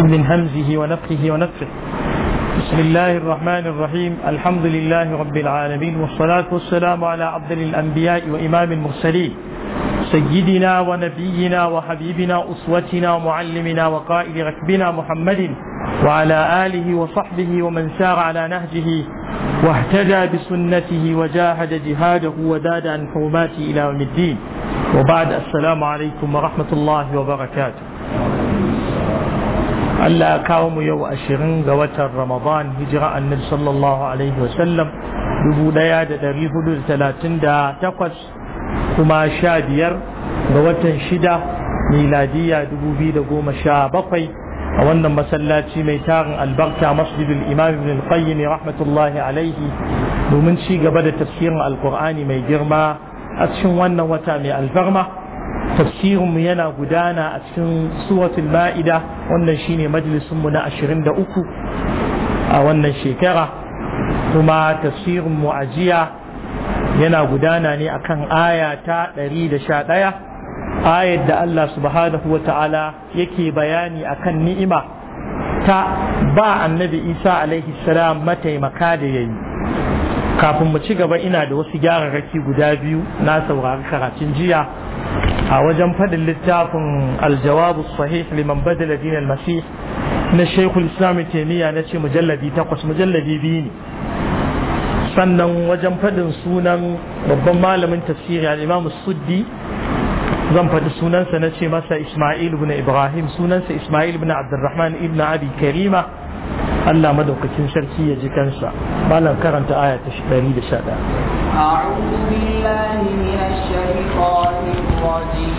من همزه ونفخه ونفخه بسم الله الرحمن الرحيم الحمد لله رب العالمين والصلاة والسلام على عبد الأنبياء وإمام المرسلين سيدنا ونبينا وحبيبنا أسوتنا ومعلمنا وقائد ركبنا محمد وعلى آله وصحبه ومن سار على نهجه واهتدى بسنته وجاهد جهاده وداد عن حرماته إلى يوم الدين وبعد السلام عليكم ورحمة الله وبركاته Allah kawo mu yau ashirin ga watan Ramadan hijira annabi sallallahu alaihi wasallam dubu ɗaya da ɗari hudu da talatin da takwas kuma sha biyar ga watan shida miladiya dubu biyu da goma sha bakwai a wannan masallaci mai tarin albarka masjidul imam ibn qayyim rahmatullahi alaihi domin ci gaba da tafsirin alkur'ani mai girma a cikin wannan wata mai alfarma tafsirinmu yana gudana a cikin suwatul ma'ida wannan shine majalisunmu na 23 a wannan shekara kuma tafsirinmu a jiya yana gudana ne akan aya ta 111 ayar da Allah subhanahu wa ta'ala yake bayani akan ni'ima ta ba annabi isa alaihi salam mataimaka da yayi kafin mu ci gaba ina da wasu gyararraki guda biyu na saurari karatun jiya a wajen fadin littafin aljawabu sahih liman badala din al-masih na shaykhul islam taymiya na ce mujalladi takwas mujalladi biyu ne sannan wajen fadin sunan babban malamin tafsiri al-imam suddi zan faɗi sunansa na ce masa isma'il ibn ibrahim sunansa isma'il ibn abdurrahman ibn abi karima Allah madaukakin sarki ya ji kansa malam karanta aya ta 111 a'udhu billahi minash shaitanir rajim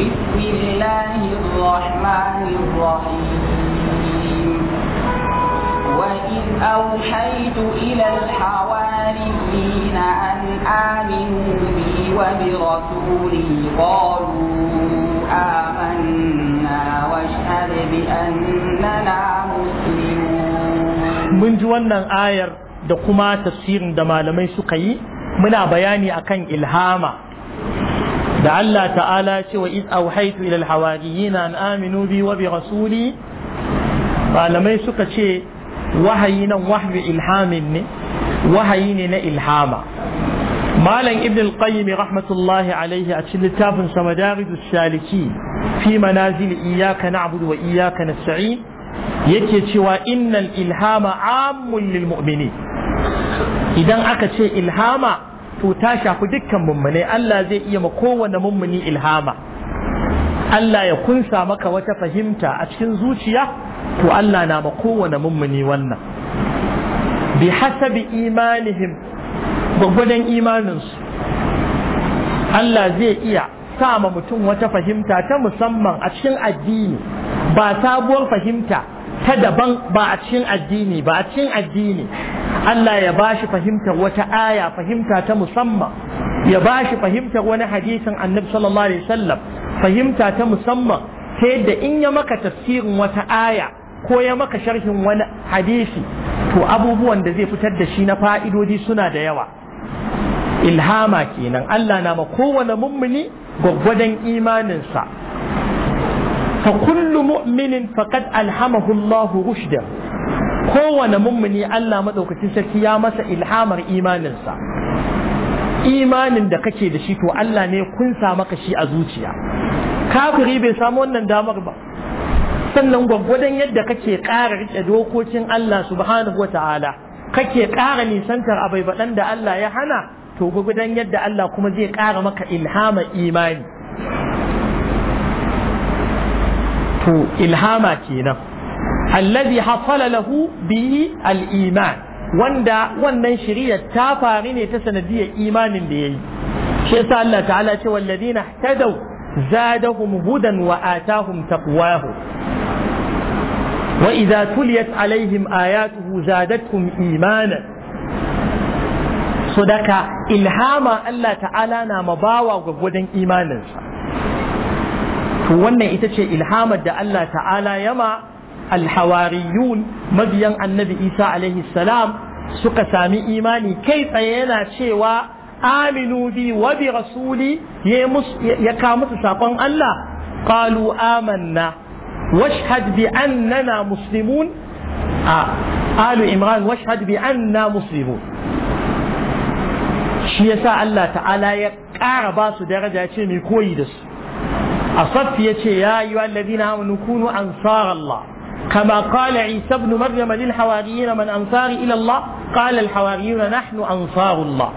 bismillahir rahmanir rahim wa in awhaytu ila al-hawariyina an aminu bi wa bi rasuli qalu الإيمان بأننا مسلمون من جوانا آير da kuma tafsirin da malamai suka yi muna bayani akan ilhama da Allah ta'ala ce wa iz auhaitu ila alhawariyina an aminu bi wa bi rasuli malamai suka ce wahayi nan wahyu ilhamin ne wahayi ne na ilhama malam ibn al rahmatullahi alaihi a cikin littafin sa madarijus saliki fi manazil iyyaka na'budu wa iyyaka nasta'in yake cewa innal ilhama ammun lil mu'mini idan aka ce ilhama to ta shafi dukkan mummune Allah zai iya ma kowane mummuni ilhama Allah ya kunsa maka wata fahimta a cikin zuciya to Allah na ma kowane mummuni wannan bi hasabi imanihim gwagwadon imaninsu Allah zai iya sa ma mutum wata fahimta ta musamman a cikin addini ba sabuwar fahimta ta daban ba a cikin addini ba a cikin addini Allah ya shi fahimtar wata aya fahimta ta musamman ya shi fahimtar wani hadisin annabi sallallahu alaihi wasallam fahimta ta musamman ta yadda in ya maka tafsirin wata aya ko ya maka sharhin wani hadisi to abubuwan da zai fitar da shi na fa'idodi suna da yawa ilhama kenan Allah na ma kowane mummuni gwaggwadon imaninsa fa kullu mu'minin faqad alhamahu Allah rushda kowane mummuni Allah madaukakin sarki ya masa ilhamar imaninsa imanin da kake da shi to Allah ne kun sa maka shi a zuciya kafiri bai samu wannan damar ba sannan gwaggwadon yadda kake ƙara riƙe dokokin Allah subhanahu wa ta'ala kake ƙara nisantar abai baɗan da Allah ya hana to gudan yadda Allah kuma zai ƙara maka ilhama imani to ilhama kenan allazi hasala lahu bihi al-iman wanda wannan shari'a ta faru ne ta sanadiyar imanin da yayi shi yasa Allah ta'ala ce wallazina ihtadaw zadahum hudan wa atahum taqwahu وإذا تليت عليهم آياته زادتهم إيمانا صدق إلهاما الله تعالى نام باوا وقودا إيمانا وانا إتشي إلهاما دا الله تعالى يما الحواريون مبيا النبي إيسى عليه السلام suka sami imani kai tsaye yana cewa aminu bi wa bi rasuli ya kawo musu saƙon Allah qalu amanna واشهد بأننا مسلمون آه. آل عمران واشهد بأننا مسلمون shi ya sa Allah ta'ala ya ƙara basu daraja ce mai koyi da su a ya ce ya yi wallazi ansar Allah kama kala isa ibn maryam lil hawariyina man ansari ila Allah qala al hawariyuna nahnu ansarullah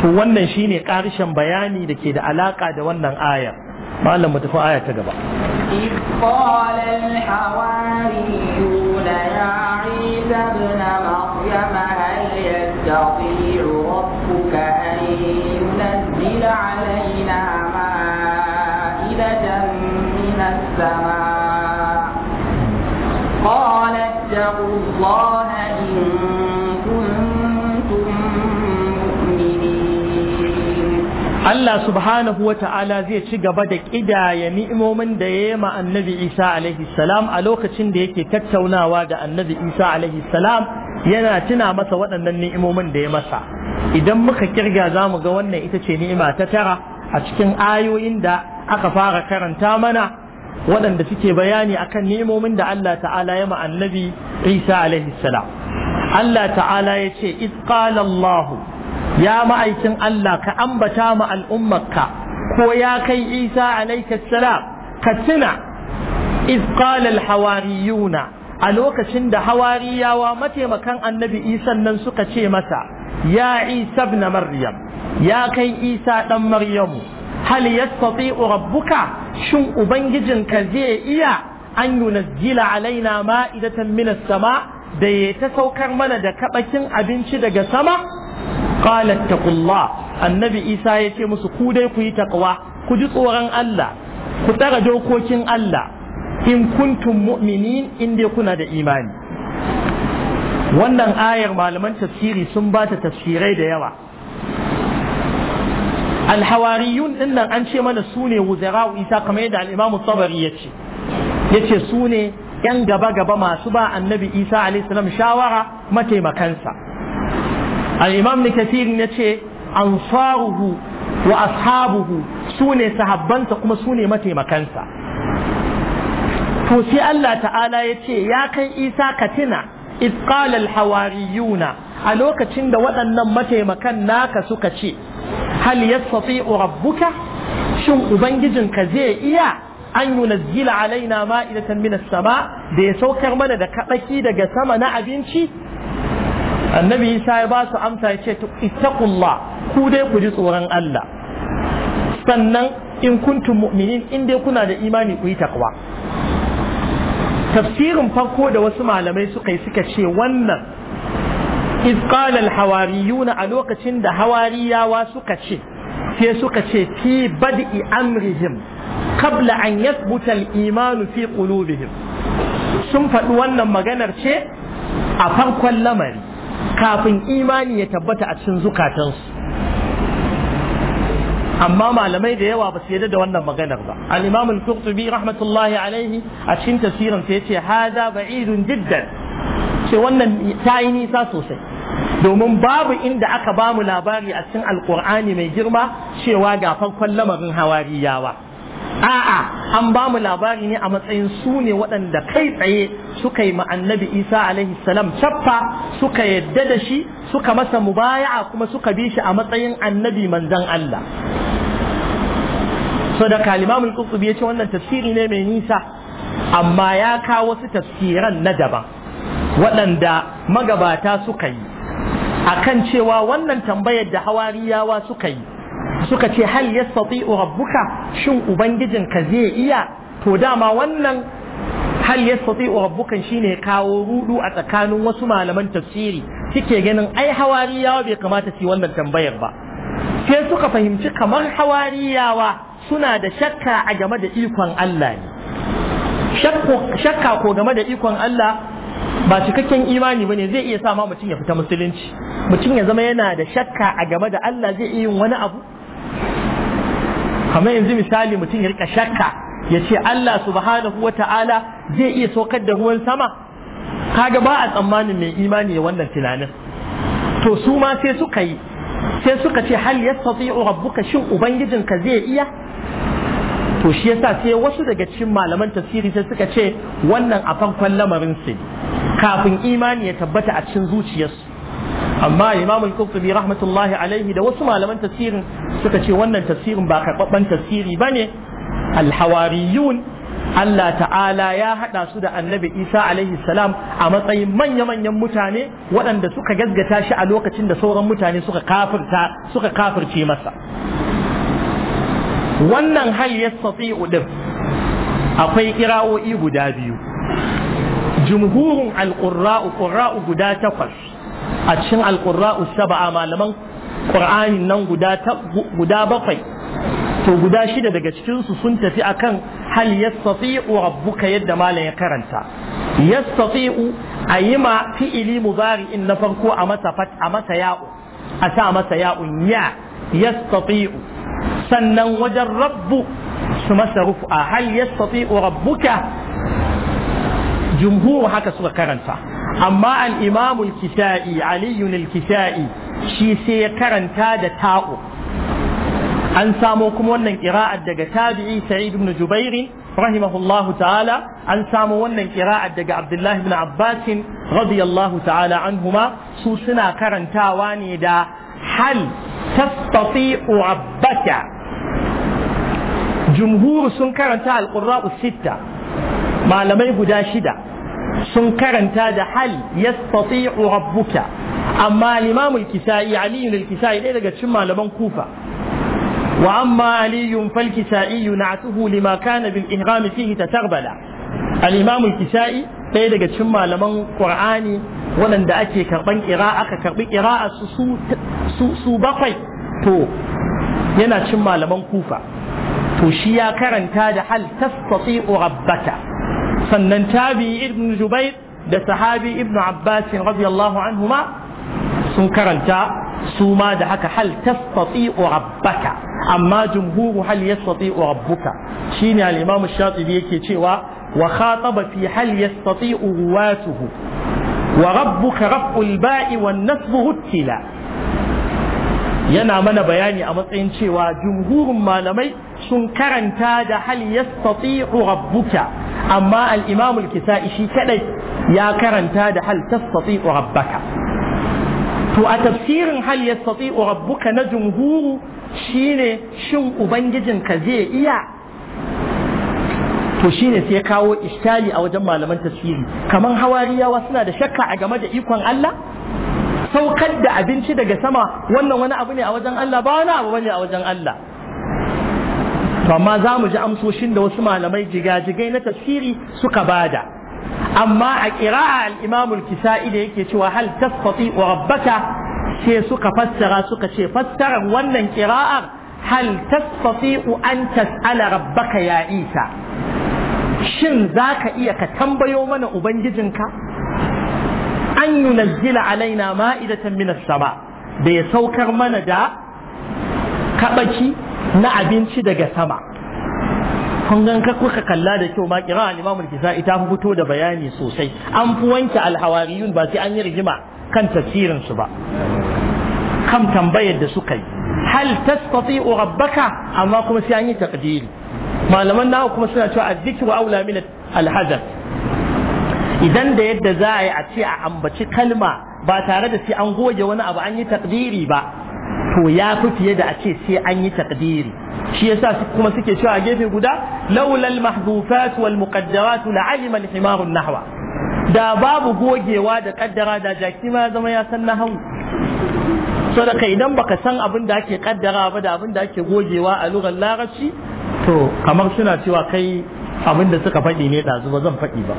to wannan shine karshen bayani da ke da alaka da wannan ayar malam aya ta gaba قال الحواريون يا عيسى ابن مريم هل يستطيع ربك أن ينزل علينا من السماء قال اتقوا الله Allah subhanahu wa ta'ala zai ci gaba da ƙidaya ni'imomin da ya ma annabi Isa alaihi salam a lokacin da yake tattaunawa da annabi Isa alaihi salam yana tuna masa waɗannan ni'imomin da ya masa. Idan muka kirga za mu ga wannan ita ce ni'ima ta tara a cikin ayoyin da aka fara karanta mana waɗanda suke bayani akan ni'imomin da Allah ta'ala ya ma annabi Isa alaihi salam. Allah ta'ala ya ce, "Iz qala ya ma'aikin Allah ka ambata ma al'ummarka ko ya kai Isa alayka salam ka tuna iz hawariyuna a lokacin da hawariyawa mataimakan annabi Isa nan suka ce masa ya Isa ibn Maryam ya kai Isa dan Maryamu hal yastati'u rabbuka shin ubangijinka zai iya an yunazzila alaina ma'idatan minas sama da ya ta saukar mana da kabakin abinci daga sama qala taqullah annabi isa ya ce musu ku dai ku yi taqwa ku ji tsoron Allah ku tsara dokokin Allah in kuntum mu'minin in dai kuna da imani wannan ayar malaman tafsiri sun ba ta tafsirai da yawa alhawariyun din nan an ce mana su ne wuzara'u isa kamar yadda al'imamu sabari ya Yace ya su ne yan gaba-gaba masu ba annabi isa alaihissalam shawara mataimakansa Alimam imam ne ya ce ansaruhu wa ashabuhu su ne sahabbansa kuma su ne mataimakansa to sai Allah ta'ala ya ce ya kai isa katina Iskalal qala a lokacin da waɗannan mataimakan naka suka ce hal yastati'u rabbuka shin ubangijinka zai iya an yunazzila alaina ma'idatan min sama da ya saukar mana da kaɗaki daga sama na abinci annabi isa ya ba su amsa ya ce ittaqullah ku dai ku ji tsoron Allah sannan in kuntum mu'minin in dai kuna da imani ku yi takwa tafsirin farko da wasu malamai suka yi suka ce wannan iz qala al-hawariyuna a lokacin da hawariyawa suka ce sai suka ce fi bad'i amrihim qabla an yathbuta al-iman fi qulubihim sun faɗi wannan maganar ce a farkon lamari kafin imani ya tabbata a cikin zukatansu amma malamai da yawa ba su yarda da wannan maganar ba al-imam al-qurtubi rahmatullahi alaihi a cikin tafsirin sa yace hada ba'idun jiddan ce wannan ta yi nisa sosai domin babu inda aka bamu labari a cikin alqur'ani mai girma cewa ga farkon lamarin hawariyawa a'a an ba mu labari ne a matsayin su ne waɗanda kai tsaye suka yi annabi isa alaihi salam cappa suka yadda da shi suka masa mubaya'a kuma suka bi shi a matsayin annabi manzan Allah so da kalimamul qurtubi ya ce wannan tafsiri ne mai nisa amma ya kawo wasu tafsiran na daban waɗanda magabata suka yi akan cewa wannan tambayar da hawariyawa suka yi suka ce hal yastati'u rabbuka shin ka zai iya to dama wannan hal yastati'u rabbukan shine kawo rudu a tsakanin wasu malaman tafsiri suke ganin ai hawariyawa bai kamata su wannan tambayar ba sai suka fahimci kamar hawariyawa suna da shakka a game da ikon Allah ne shakka ko game da ikon Allah ba cikakken imani bane zai iya sa ma mutum ya fita musulunci mutum ya zama yana da shakka a game da Allah zai iya yin wani abu kamar yanzu misali mutum ya rika shakka ya ce Allah subhanahu wa ta'ala zai iya saukar da ruwan sama kaga ba a tsammanin mai imani ya wannan tunanin to su ma sai suka yi sai suka ce hal yastati'u rabbuka shin ka zai iya to shi yasa sai wasu daga cikin malaman tafsiri sai suka ce wannan a farkon lamarin su kafin imani ya tabbata a cikin zuciyarsu amma imam al-qurtubi rahmatullahi alaihi da wasu malaman tafsirin suka ce wannan tafsirin ba karɓaɓɓen tafsiri bane al-hawariyun Allah ta'ala ya haɗa su da annabi Isa alaihi salam a matsayin manya-manyan mutane waɗanda suka gazgata shi a lokacin da sauran mutane suka kafirta suka kafirce masa wannan hal yastati'u din akwai kirawo'i guda biyu jumhurun alqurra'u qurra'u guda takwas a cikin alƙura'u saba'a malaman ƙur'anin nan guda bakwai to guda shida daga cikinsu sun tafi akan hal yastati'u rabbuka yadda malam ya karanta yastati'u a yi ma fi'ili mubari'in na farko a masa ya'u a sa masa ya'un ya yastati'u sannan wajen rabbu su masa rufu a hal yastati'u rabbuka jumhur haka suka karanta amma al-imam al-kisa'i al-kisa'i shi sai ya karanta da ta'u an samo kuma wannan ƙira'ar daga tabi'i sa'id ibn jubair rahimahullahu ta'ala an samo wannan ƙira'ar daga Abdullahi ibn abbas radiyallahu ta'ala huma su suna karantawa ne da hal tastati'u abbaka jumhur sun karanta al-qurra'u sitta malamai guda shida sun karanta da hal yastati'u rabbuka amma al-imam al-kisai ali kisai dai daga cikin malaman kufa wa amma ali fal-kisai na'tuhu lima kana bil ihram fihi tatarbala al-imam kisai ɗaya daga cikin malaman qur'ani waɗanda ake karban qira'a aka karbi qira'a su su su bakwai to yana cin malaman kufa to shi ya karanta da hal tastati'u rabbaka sannan tabi ibn jubair da sahabi ibn abbas radiyallahu anhuma sun karanta su ma da haka hal tastati rabbaka amma jumhuru hal yastati rabbuka shine al-imam shatibi yake cewa wa khataba fi hal yastati ruwatuhu wa rabbuka rabbul ba'i wan nasbu huttila yana mana bayani a matsayin cewa jumhurun malamai sun karanta da hal yastati rabbuka amma al-imam al-kisa'i shi kadai ya karanta da hal tastati'u rabbaka to a tafsirin hal yastati'u rabbuka na jumhuru shine shin Ubangijin ka zai iya to shine sai kawo ishtali a wajen malaman tafsiri kaman hawariyawa suna da shakka a game da ikon Allah saukar da abinci daga sama wannan wani abu ne a wajen Allah ba wani abu bane a wajen Allah to amma za mu ji amsoshin da wasu malamai jigajigai na tafsiri suka bada amma a ƙira'a al-imamu al-kisa'i da yake cewa hal tasfati wa rabbaka sai suka fassara suka ce fassarar wannan ƙira'ar hal tasfati an tas'ala rabbaka ya isa shin za ka iya ka tambayo mana ubangijinka an yunazzila alaina ma'idatan minas sama da ya saukar mana da kabaki na abinci daga sama kun gan ka kuka kalla da kyau ma kira al-imamul kisa'i ta fito da bayani sosai an fi wanke al-hawariyun ba sai an yi rigima kan tafsirin su ba kan tambayar da suka yi hal tastati'u rabbaka amma kuma sai an yi taqdiri malaman nawa kuma suna cewa az-zikru aula min al-hadar idan da yadda za a yi a ce a ambaci kalma ba tare da sai an goge wani abu an yi taqdiri ba to ya fi fiye da a ce sai an yi takdiri shi yasa kuma suke cewa a gefe guda laulal mahdufat wal muqaddarat la alima al himar nahwa da babu gogewa da kaddara da jaki ma zama ya san nahwu sadaka idan baka san abin da ake kaddara ba da abin da ake gogewa a lugar larabci to kamar suna cewa kai abin da suka faɗi ne ɗazu ba zan faɗi ba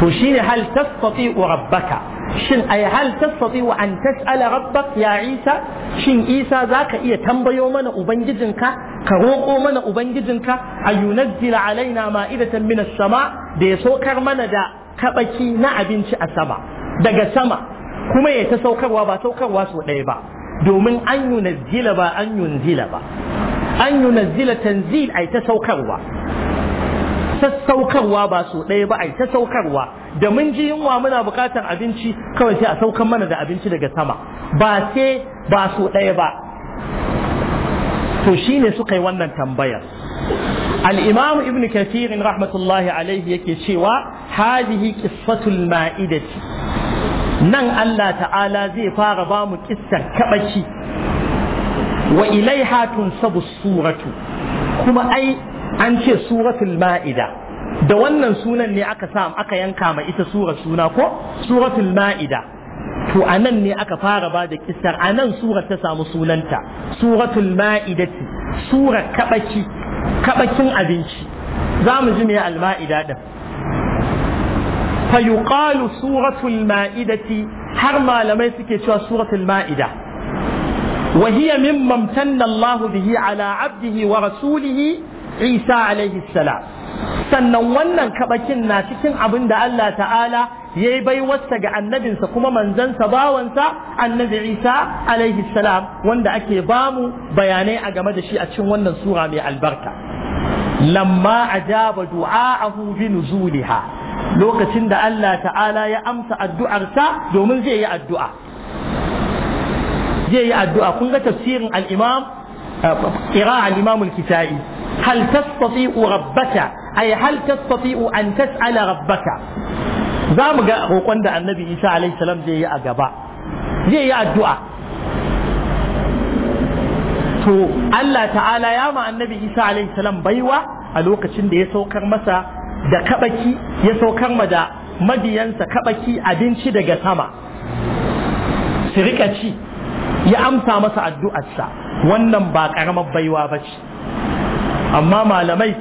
to shine hal tastati'u rabbaka shin ai hal tastati wa an tas'ala rabbak ya Isa shin Isa zaka iya tambayo mana ubangijinka ka roƙo mana ubangijinka ayunazzila alaina ma'idatan minas sama da ya saukar mana da kabaki na abinci a sama daga sama kuma ya ta saukarwa ba saukarwa so ɗaya ba domin an yunazzila ba an yunzila ba an yunazzila tanzil ai ta saukarwa sassaukarwa ba so ɗaya ba ai ta saukarwa da mun ji yunwa muna buƙatar abinci kawai sai a saukar mana da abinci daga sama ba sai ba so ɗaya ba to shine suka yi wannan tambayar al-imam ibn kathir rahmatullahi alaihi yake cewa hadhihi qiffatul ma'idati nan Allah ta'ala zai fara bamu mu kissar kabaci wa ilaiha tunsabu suratu kuma ai an ce suratul ma'ida da wannan sunan ne aka sa aka yanka ma ita sura suna ko suratul ma'ida to anan ne aka fara ba da kissar anan sura ta samu sunanta suratul ma'idati sura kabaki kabakin abinci za mu ji me al-ma'ida din fa yuqalu suratul ma'idati har malamai suke cewa suratul ma'ida وهي مما امتن الله به على عبده ورسوله isa alaihi salam sannan wannan kabakin na cikin abin da Allah ta'ala ya yi baiwarsa ga annabinsa kuma manzansa bawansa annabi isa alaihi salam wanda ake bamu bayanai a game da shi a cikin wannan sura mai albarka lamma ajaba du'a'ahu bi nuzuliha lokacin da Allah ta'ala ya amsa addu'arsa domin zai yi addu'a zai yi addu'a kun ga tafsirin al-imam eh, qira'a al-imam al-kitai هل تستطيع ربك أي هل تستطيع أن تسأل ربك زام وقند النبي إيسى عليه السلام زي أجابا زي الدعاء to Allah ta'ala ya ma annabi Isa alaihi salam baiwa a lokacin da ya saukar masa da kabaki ya saukar ma da mabiyansa kabaki abinci daga sama si rika ci ya amsa masa addu'arsa wannan ba ƙaramar baiwa ba ce amma malamai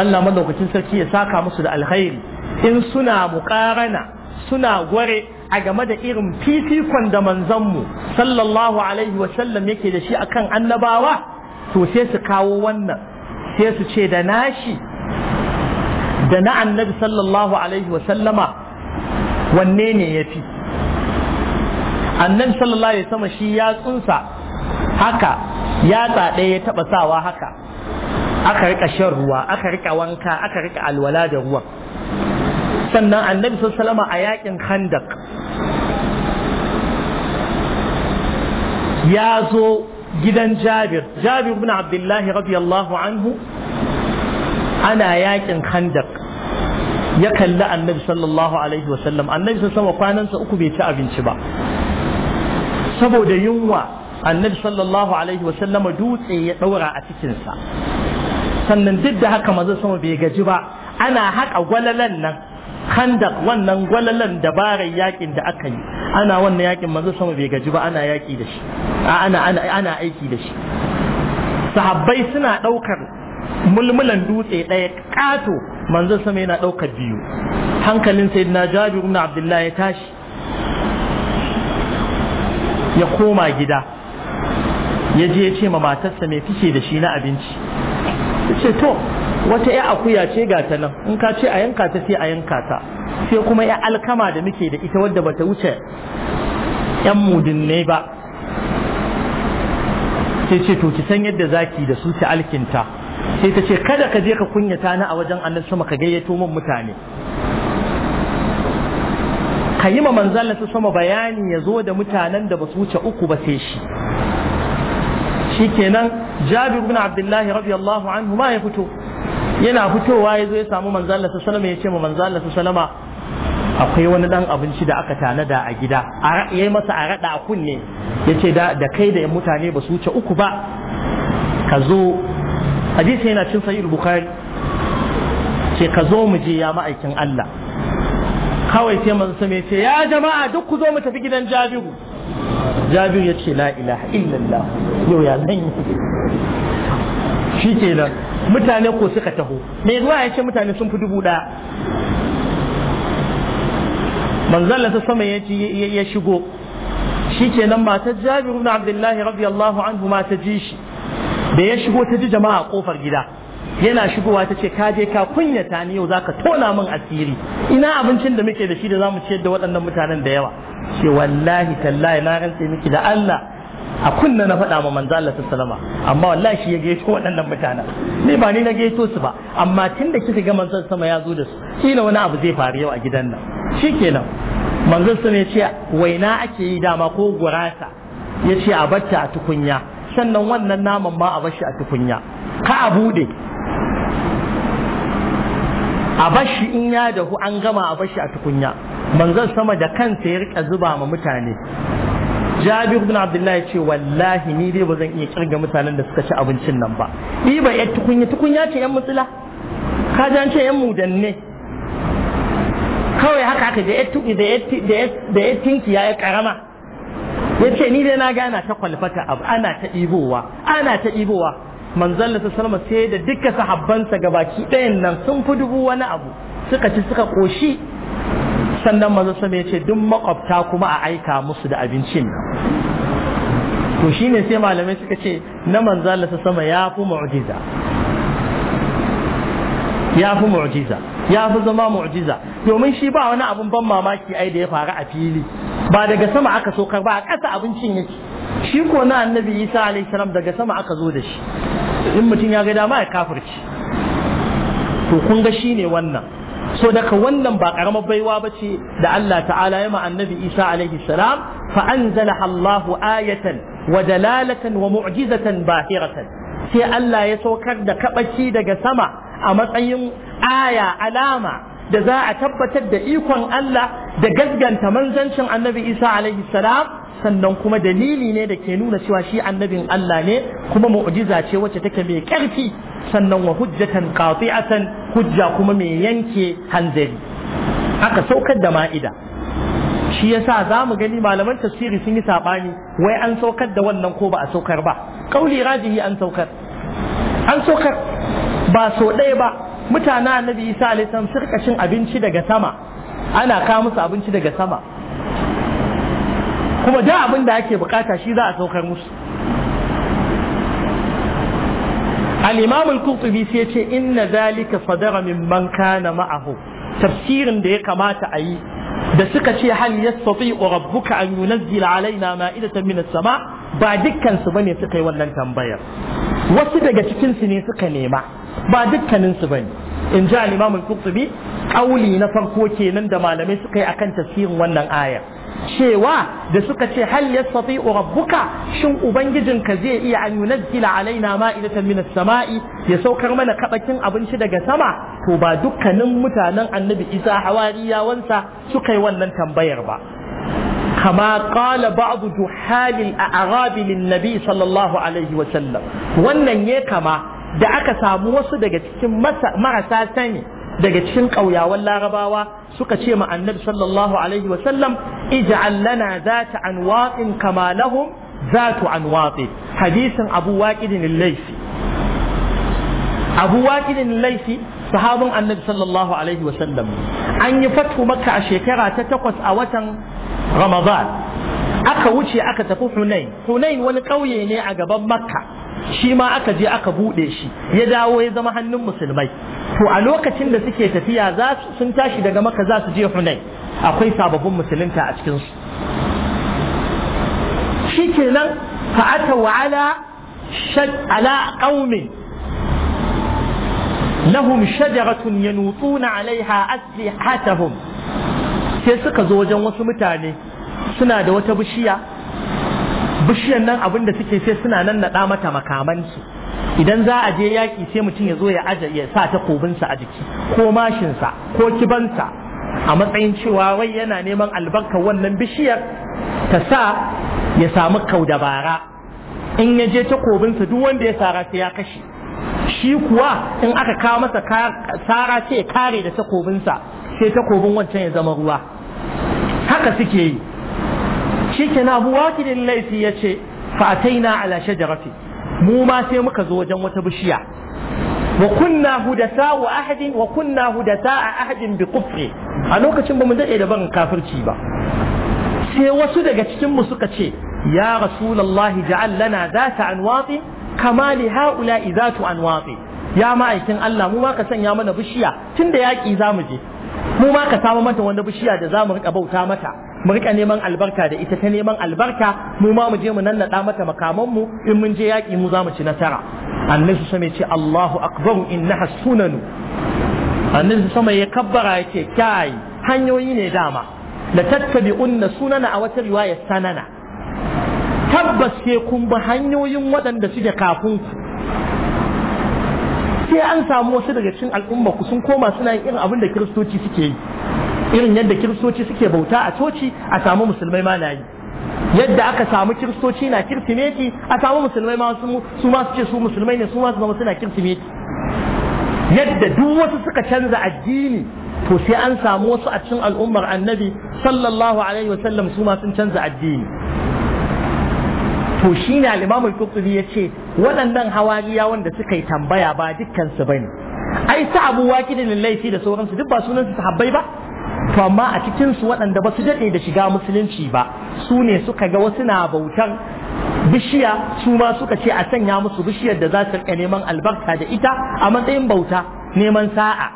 Allah madaukakin sarki ya saka musu da alkhairi in suna muƙarana suna gware a game da irin fifikon da manzanmu sallallahu alaihi wa sallam yake da shi akan annabawa to sai su kawo wannan sai su ce da nashi da na annabi sallallahu alaihi wa sallama wanne ne ya fi annabi sallallahu alaihi sallama shi ya tsunsa haka ya ɗaya ya taɓa sawa haka aka rika shan ruwa aka rika wanka aka rika alwala da ruwa sannan annabi sallama a yakin khandak ya zo gidan jabir jabir ibn abdullahi radiyallahu anhu ana yakin khandak ya kalli annabi sallallahu alaihi wa sallam. annabi sallama kwanansa uku bai ci abinci ba saboda yunwa annabi sallallahu alaihi wa wasallama dutse ya daura a cikinsa sannan duk da haka mazan sama bai gaji ba ana haƙa gwalalan nan handak wannan gwalalan dabarar yakin da aka yi ana wannan yakin mazan sama bai gaji ba ana yaki da shi ana aiki da shi sahabbai suna ɗaukar mulmulan dutse ɗaya ƙato manzo sama yana ɗaukar biyu hankalin sai na jabiru na abdullahi ya tashi ya koma gida ya je ya ce ma matarsa mai fice da shi na abinci su ce to wata ya akuya ce ga ta nan in ka ce a yanka ta sai a yanka ta sai kuma ya alkama da muke da ita wadda bata wuce yan mudin ne ba sai ce to ki san yadda zaki da su ki alkinta sai ta ce kada ka je ka kunyata ni a wajen annabi sama ka gayyato min mutane ka yi ma su sama bayani ya zo da mutanen da ba su wuce uku ba sai shi shikenan jabir bin abdullahi radiyallahu anhu ma ya fito yana fitowa ya zo ya samu manzo Allah sallallahu ya ce ma manzo Allah sallallahu akwai wani dan abinci da aka tanada a gida yayi masa a rada a kunne yace da da kai da mutane ba su wuce uku ba ka zo hadisi yana cin sahih bukhari ce ka zo mu je ya ma'aikin Allah kawai sai manzo ya ce ya jama'a duk ku zo mu tafi gidan Jabiru jabir ya ce la ilaha illallah yau ya zan yi shi ke nan mutane ko suka taho mai ruwa ya ce mutane sun fi dubu ɗaya manzalla ta sama ya shigo shi ke nan matar jabiru na abdullahi radiyallahu anhu ma ta ji shi da ya shigo ta ji jama'a kofar gida yana shigowa ta ce ka je ka kunyata ni yau zaka tona min asiri ina abincin da muke da shi da zamu ciyar da waɗannan mutanen da yawa ce wallahi tallahi na rantse miki da Allah a kunna na faɗa ma manzo Allah sallama amma wallahi shi ya gaito waɗannan mutanen ni ba ni na gaito su ba amma tunda kika ga manzo sama ya zo da su kila wani abu zai faru yau a gidan nan shikenan manzo sama ya ce waina ake yi dama ko gurasa ya ce a batta a tukunya sannan wannan naman ma a shi a tukunya ka a bude a bashi in ya dahu an gama a bashi a tukunya manzon sama da kansa ya rika zuba ma mutane jabir bin abdullahi ce wallahi ni dai ba zan iya kirga mutanen da suka ci abincin nan ba ni ba ya tukunya tukunya ce yan mutsila ka ji an ce yan mudanne kawai haka haka da ya tinki ya karama ya ce ni dai na gana ta kwalfata abu ana ta ibowa ana ta ibowa manzon Allah salama sai da duka sahabbansa baki ɗayan nan sun fi dubu wani abu suka ci suka koshi sannan manzo sama ya ce duk makwabta kuma a aika musu da abincin to shine sai malamai suka ce na manzon Allah sama ya fi mu'jiza ya fi mu'jiza ya fi zama mu'jiza domin shi ba wani abun ban mamaki ai da ya faru a fili ba daga sama aka so ba a ƙasa abincin yake shi ko na annabi isa alaihi salam daga sama aka zo da shi in mutum ya ga dama ya kafirci to kun ga shine wannan so daga wannan ba karamar baiwa ba ce da Allah ta'ala ya ma annabi isa alaihi salam fa anzala Allahu ayatan wa dalalatan wa mu'jizatan bahiratan sai Allah ya saukar da kabaci daga sama a matsayin aya alama da za a tabbatar da ikon Allah da gasganta manzancin annabi Isa alaihi salam sannan kuma dalili ne da ke nuna cewa shi annabin Allah ne kuma mu'jiza ce wacce take mai karfi? sannan wa hujjatan qati'atan hujja kuma mai yanke hanzari aka saukar da ma'ida shi yasa za mu gani malaman tafsiri sun yi saɓani wai an saukar da wannan ko ba a saukar ba kauli rajihi an saukar an saukar ba so ɗaya ba mutane annabi isa alaihi su cin abinci daga sama ana kawo musu abinci daga sama kuma da abin da ake bukata shi za a saukar musu al-imam al-qurtubi sai ya ce inna zalika sadara manka kana ma'ahu tafsirin da ya kamata a yi da suka ce hal yastati rabbuka an yunazzila alaina ma'idatan minas sama ba dukkan su bane suka yi wannan tambayar wasu daga cikin su ne suka nema ba dukkanin su bane in ji al-imam kauli na farko kenan da malamai suka yi akan tasirin wannan aya cewa da suka ce hal yastati rabbuka shin ka zai iya an yunazzila alaina ma'idatan mina sama'i ya saukar mana kabakin abinci daga sama to ba dukkanin mutanen annabi isa hawariyawansa suka yi wannan tambayar ba كما قال بعض جحال الأعراب للنبي صلى الله عليه وسلم wannan ya kama da aka samu wasu daga cikin marasa sani daga cikin ƙauyawan larabawa suka ce ma annabi sallallahu alaihi wa sallam ij'al lana zata anwaqin kama lahum zatu anwaqi hadisin abu waqidin al-laysi abu waqidin al-laysi sahabin annabi sallallahu alaihi wa sallam an yi fatu makka a shekara ta takwas a watan ramadan aka wuce aka tafi hunain hunain wani ƙauye ne a gaban makka shi ma aka je aka buɗe shi ya dawo ya zama hannun musulmai to a lokacin da suke tafiya za sun tashi daga maka za su je hunai akwai sababbin musulunta a cikin su shikenan wa ala shad ala qaumin lahum shajaratun yanutuna alaiha aslihatahum sai suka zo wajen wasu mutane suna da wata bishiya bishiyan nan abin da suke sai suna nan naɗa mata makamansu idan za a je yaƙi sai mutum ya zo ya aje ya sa takobinsa a jiki ko mashinsa ko kibansa a matsayin cewa wai yana neman albarka wannan bishiyar ta sa ya samu kaudabara in ya je takobinsa duk wanda ya sara sai ya kashe shi kuwa in aka kawo masa sara sai ya kare da takobinsa sai takobin wancan ya zama ruwa haka suke yi shi ke na buwa laifi ya ce fataina ala shajarati mu ma sai muka zo wajen wata bishiya wa kunna hudasa wa ahadin wa kunna hudasa a ahadin bi kufri a lokacin ba mu daɗe da ban kafirci ba sai wasu daga cikin mu suka ce ya rasulullahi ja'al lana zata anwati kama li haula izatu anwati ya ma'aikin Allah mu ma ka sanya mana bishiya tunda yaki zamu je mu ma ka samu mata wani bishiya da zamu rika bauta mata mu rika neman albarka da ita ta neman albarka mu ma mu je mu nannada mata makaman mu in mun je yaki mu za mu ci nasara annabi sama ce Allahu akbar innaha sunanu annabi sama ya kabbara ce, kai hanyoyi ne dama la tattabi'unna sunana a wata riwaya sanana tabbas ke kun bi hanyoyin waɗanda suke kafin ku sai an samu wasu daga cikin al'umma ku sun koma suna yin irin abin da kiristoci suke yi irin yadda kiristoci suke bauta a coci a samu musulmai ma na yi yadda aka samu kiristoci na kirsimeti a samu musulmai ma su ma su ce su musulmai ne su ma su zama suna kirsimeti yadda duk wasu suka canza addini to sai an samu wasu a cikin al'ummar annabi sallallahu alaihi wasallam su ma sun canza addini to shi ne al-imamu al yace waɗannan hawariya wanda suka yi tambaya ba dukkansu ba bane ai sa'abu abu laifi da sauransu duk ba sunan su sahabbai ba to amma a cikin su waɗanda ba su daɗe da shiga musulunci ba su ne suka ga wasu na bautar bishiya su ma suka ce a sanya musu bishiyar da za su rika neman albarka da ita a matsayin bauta neman sa'a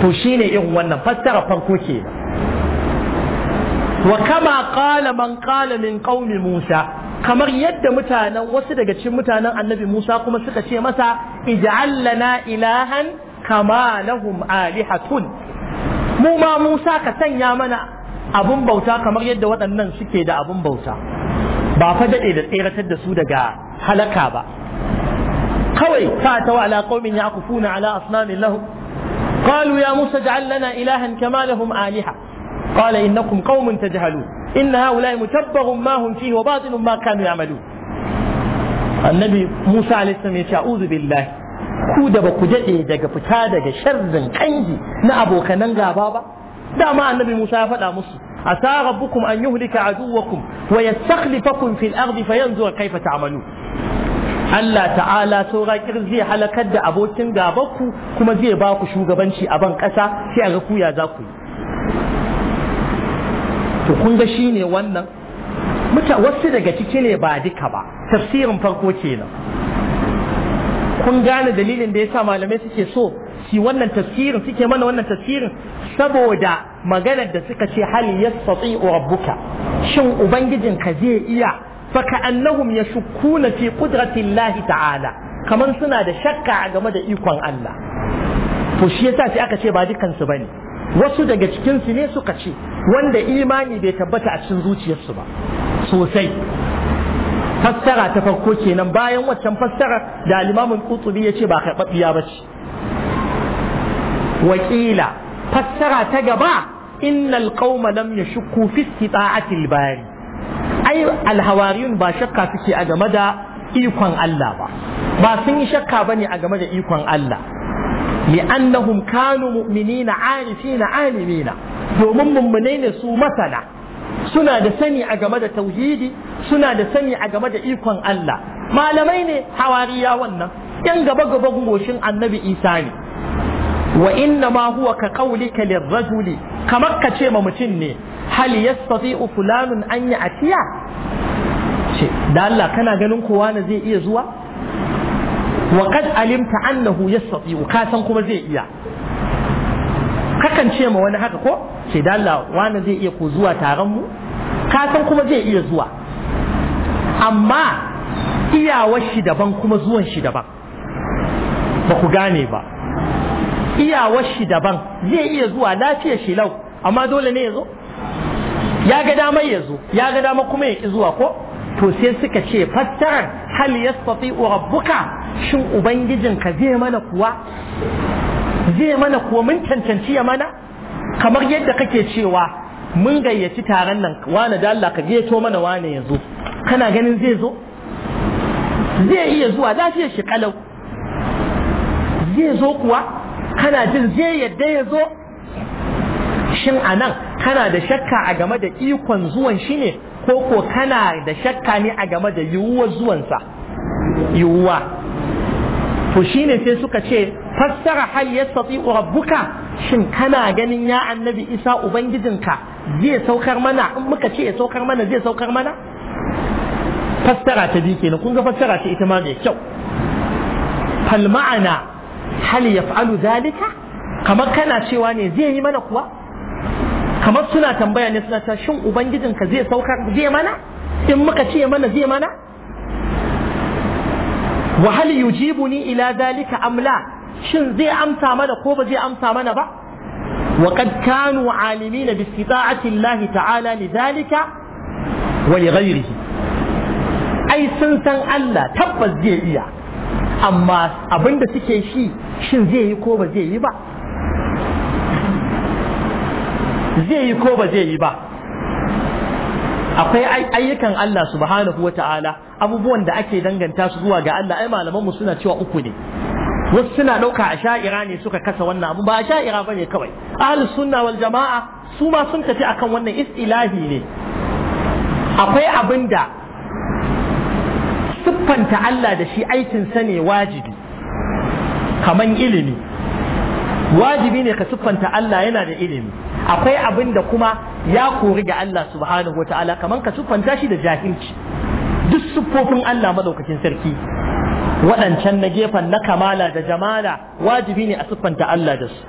to ne irin wannan fassara farko ke wa kama qala man qala min musa kamar yadda mutanen wasu daga cikin mutanen annabi Musa kuma suka ce masa ij'al lana ilahan kama lahum alihatun mu ma Musa ka sanya mana abun bauta kamar yadda waɗannan suke da abun bauta ba fa daɗe da tseratar da su daga halaka ba kawai fa ta wa ala qaumin yaqufuna ala asnamin lahum qalu ya musa ij'al lana ilahan kama lahum aliha qala innakum qaumun tajhalun إن هؤلاء متبغ ما هم فيه وباطل ما كانوا يعملون النبي موسى عليه السلام يقول بالله كودا بكجدي دقا فتادة شر كنجي نأبو كننجا بابا دا ما النبي موسى فلا مصر عسى ربكم أن يهلك عدوكم ويستخلفكم في الأرض فينظر كيف تعملون Allah تعالى saurakir zai halakar da abokin gabanku بوكو كما ba ku shugabanci a ban ƙasa في a زاكو to kun ga shine wannan wasu daga ciki ne ba duka ba tafsirin farko kenan kun gane dalilin da yasa malamai suke so shi wannan tafsirin suke mana wannan tafsirin saboda maganar da suka ce hal yastati rabbuka shin ubangijin ka zai iya fa ka'annahum yashukuna fi qudratillahi ta'ala Kamar suna da shakka game da ikon Allah to shi yasa sai aka ce ba dukansu bane wasu daga cikinsu ne suka ce wanda imani bai tabbata a cikin zuciyarsu ba sosai fassara ta farko kenan bayan waccan fassara da limamin kutubi ya ce ba karɓaɓɓiya ba ce wakila fassara ta gaba innal qauma lam yashukku fi istita'atil bari ai alhawariyun ba shakka suke a game da ikon Allah ba ba sun yi shakka bane a game da ikon Allah li'annahum kanu mu'minina arifina alimina domin mummunai ne su masana suna da sani a game da tauhidi suna da sani a game da ikon Allah malamai ne hawariya wannan yan gaba gaba goshin annabi Isa ne wa inna ma huwa ka qaulika lirrajuli kamar ka ce ma mutum ne hal yastati'u fulanun an atiya ce da Allah kana ganin kowa na zai iya zuwa wa kad alimta annahu yastati ka san kuma zai iya kakan ce ma wani haka ko sai da Allah zai iya ko zuwa taron mu ka san kuma zai iya zuwa amma iyawar shi daban kuma zuwan shi daban ba ku gane ba iyawar shi daban zai iya zuwa lafiyar shi lau amma dole ne ya zo ya ga dama ya zo ya ga dama kuma ya ki zuwa ko to sai suka ce fassarar hal yastati rabbuka shin ubangijinka zai mana kuwa zai mana kuwa mun cancanci ya mana kamar yadda kake cewa mun gayyaci taron nan wane da Allah ka gayyato mana wane ya zo kana ganin zai zo zai iya zuwa lafiyar shi kalau zai zo kuwa kana jin zai yadda ya zo shin anan nan kana da shakka a game da ikon zuwan shi ne ko ko kana da shakka ne a game da yiwuwar zuwansa yiwuwa to shine sai suka ce fassara hal yastati'u rabbuka shin kana ganin ya annabi isa ubangijinka zai saukar mana in muka ce ya saukar mana zai saukar mana fassara ta bi kenan kun ga fassara ta ita ma mai kyau fal ma'ana hal yaf'alu zalika kamar kana cewa ne zai yi mana kuwa kamar suna tambaya ne suna ta shin ubangijinka zai saukar zai mana in muka ce mana zai mana wa hal yujibuni ila zalika amla shin zai amsa mana ko ba zai amsa mana ba wa qad kanu alimina bi istita'ati Allah ta'ala lidhalika wa li ghayrihi ai sun san Allah tabbas zai iya amma abinda suke shi shin zai yi ko ba zai yi ba zai yi ko ba zai yi ba akwai ayyukan Allah subhanahu wa ta'ala abubuwan da ake danganta su zuwa ga Allah ai malaman mu suna cewa uku ne wasu suna ɗauka a sha'ira ne suka kasa wannan abu ba a sha'ira bane kawai ahlus sunna wal jama'a su ma sun tafi akan wannan istilahi ne akwai abin da siffanta Allah da shi aikin sa ne wajibi kaman ilimi wajibi ne ka siffanta Allah yana da ilimi akwai abin da kuma ya kori ga Allah subhanahu ta'ala kamar ka siffanta shi da jahilci duk siffofin Allah madaukakin sarki waɗancan na gefen na kamala da jamala wajibi ne a siffanta Allah da su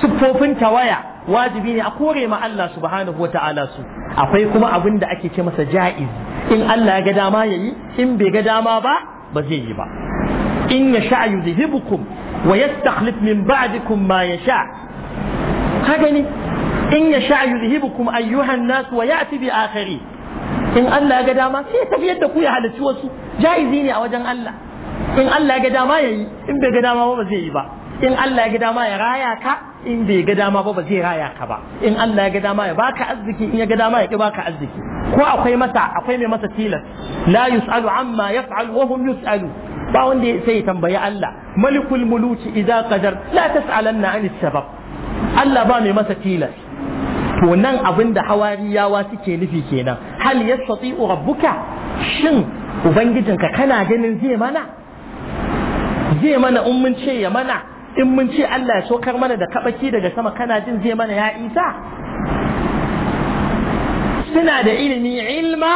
siffofin tawaya wajibi ne a kore ma Allah subhanahu ta'ala su akwai kuma abin da ake ce masa ja'iz in Allah ya ga dama ya yi in bai ga dama ba ba zai yi ba in yasha yuzhibukum wa yastakhlif min ba'dikum ma yasha ka gani in ya sha yuzhibukum ayyuhan nas wa ya'ti bi akhari in Allah ya ga dama sai ya tafi yadda ku ya halarci wasu jaizi ne a wajen Allah in Allah ya ga dama yayi in bai ga dama ba zai yi ba in Allah ya ga dama ya raya ka in bai ga dama ba ba zai raya ka ba in Allah ya ga dama ya baka arziki in ya ga dama ya ki baka arziki ko akwai masa akwai mai masa tilas la yusalu amma yaf'al wa hum yusalu ba wanda sai ya tambayi Allah malikul muluki idza qadar la tas'alanna anis sabab Allah ba mai masa tilas to nan abin da hawariyawa suke nufi kenan hal yastati'u rabbuka shin ubangijinka kana ganin zai mana zai mana in mun ce ya mana in mun ce Allah ya saukar mana da kabaki daga sama kana jin zai mana ya isa suna da ilimi ilma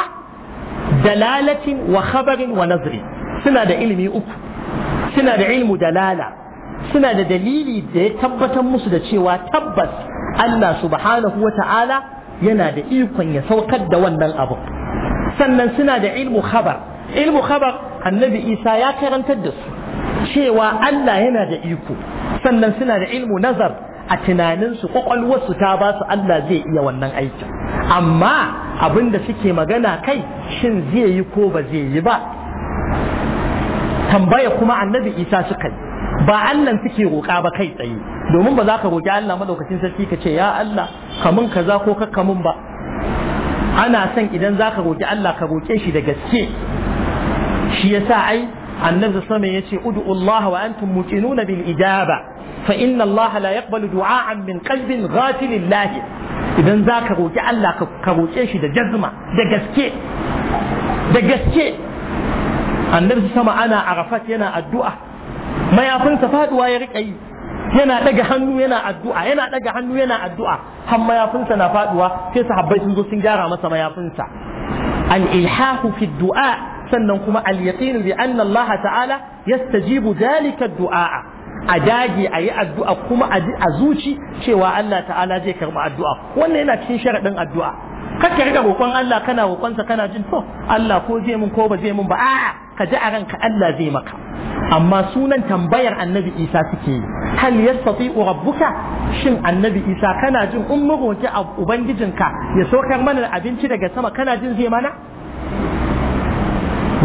dalalatin wa khabarin wa nazri suna da ilimi uku suna da ilmu dalala suna da dalili da ya tabbatar musu da cewa tabbas Allah subhanahu wa ta'ala yana da ikon ya saukar da wannan abu sannan suna da ilmu khabar ilmu khabar annabi isa ya karantar da su cewa Allah yana da iko sannan suna da ilmu nazar a tunaninsu kwakwalwarsu ta ba su Allah zai iya wannan aiki. amma abin da suke magana kai shin zai yi ko ba zai yi ba tambaya kuma annabi isa suka yi ba Allah suke roƙa ba kai tsaye domin ba za ka roƙi Allah madaukakin sarki ka ce ya Allah kamun kaza ko ka kamun ba ana son idan za ka roƙi Allah ka roƙe shi da gaske shi yasa ai annabi sama ya ce ud'u Allah wa antum muqinuna bil ijaba fa inna Allah la yaqbalu du'a'an min qalbin ghafilin lahi idan za ka roƙi Allah ka roƙe shi da jazma da gaske da gaske annabi sama ana arafat yana addu'a mayafinsa faduwa ya rika yi yana daga hannu yana addu'a yana daga hannu yana addu'a har mayafinsa na faduwa sai sahabbai sun zo sun gyara masa mayafinsa al ilhahu fi du'a sannan kuma al yaqin bi anna Allah ta'ala yastajibu zalika du'a a dage a yi addu'a kuma a zuci cewa Allah ta'ala zai karɓi addu'a wannan yana cikin sharaɗin addu'a kake riga roƙon Allah kana roƙonsa kana jin to Allah ko zai mun ko ba zai mun ba a'a ka ji a ranka Allah zai maka amma sunan tambayar annabi Isa suke yi hal yastati'u rabbuka shin annabi Isa kana jin in mu roƙi ubangijinka ya saukar mana abinci daga sama kana jin zai mana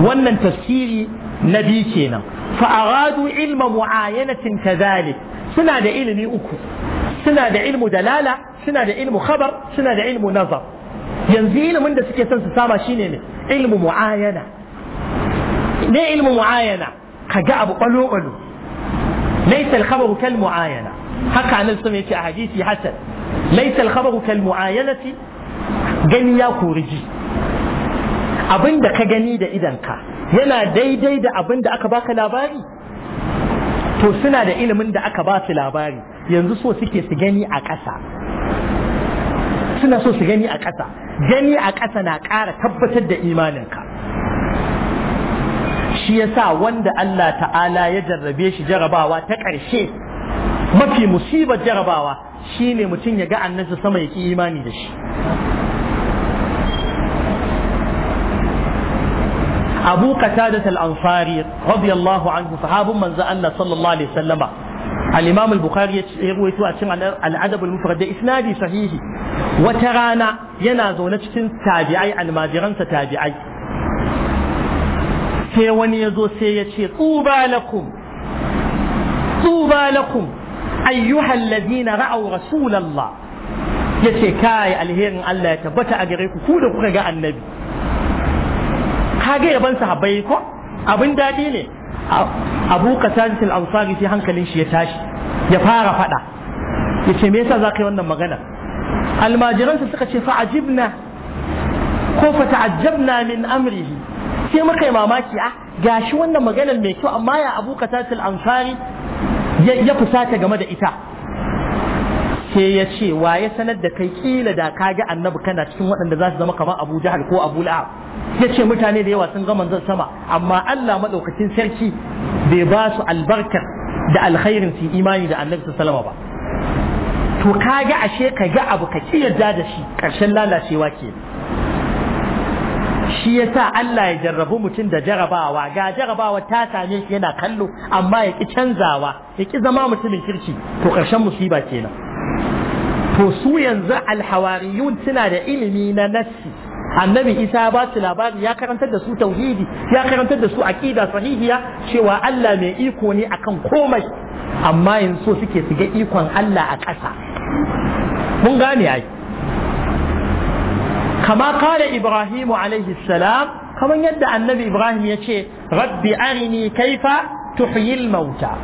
wannan tafsiri na biyu kenan fa aradu ilma mu'ayanatin kadhalik suna da ilimi uku suna da ilmu dalala suna da ilmu khabar suna da ilmu nazar yanzu ilimin da suke son su saba shine ne ilmu mu'ayana ne ilmu mu'ayana ka ga abu kwalo kwalo laysa al kal mu'ayana haka nan sun yace a hadisi hasan laysa al-khabaru kal mu'ayanati gani ya koriji abin da ka gani da idanka yana daidai da abin da aka baka labari to suna da ilimin da aka ba su labari yanzu so suke su gani a ƙasa suna so su gani a ƙasa gani a ƙasa na ƙara tabbatar da imaninka shi ya sa wanda Allah ta'ala ya jarrabe shi jarabawa ta ƙarshe mafi musibar jarabawa ne mutum ya ga annasa sama ya ƙi imani da shi abu qatadat al-ansari radiyallahu anhu sahabun manzo Allah sallallahu alaihi wasallama al-imam bukhari ya rawaito a cikin al-adab da isnadi sahihi wata rana yana zaune cikin tabi'ai almajiransa tabi'ai sai wani ya zo sai ya ce tsuba lakum tsuba lakum ayyuhal ladina ra'aw rasulallah yace kai alherin Allah ya tabbata a gare ku ku da kuka ga annabi ban yaban sahabbai ko abin daɗi ne abu qasadat al-ansari sai hankalin shi ya tashi ya fara fada yace me yasa zaka yi wannan magana almajiransa suka ce fa'ajibna, ko fa ta'ajjabna min amrihi sai muka yi mamaki a ah, gashi wannan maganar mai kyau amma ya abu qasadat al-ansari ya fusata game da ita sai ya ce wa ya sanar da kai kila da ka ga annabi kana cikin waɗanda za su zama kamar Abu Jahal ko Abu ya ce mutane da yawa sun ga manzon sama amma Allah madaukakin sarki bai ba su albarkar da alkhairin su imani da annabi sallallahu ba to ka ga ashe ka ga abu ka ki yarda da shi karshen lalacewa ke shi yasa Allah ya jarrabu mutum da jarabawa ga jarabawa ta same shi yana kallo amma ya ki canzawa ya ki zama mutumin kirki to karshen musiba kenan to su yanzu alhawariyun suna da ilimi na nassi annabi isa ba su labari ya karantar da su tauhidi ya karantar da su aqida sahihiya cewa Allah mai iko ne akan komai amma yanzu suke su ga ikon Allah a ƙasa mun gane ai kama kare ibrahimu alaihi salam kamar yadda annabi ibrahim ya ce rabbi arini kaifa tuhyil mauta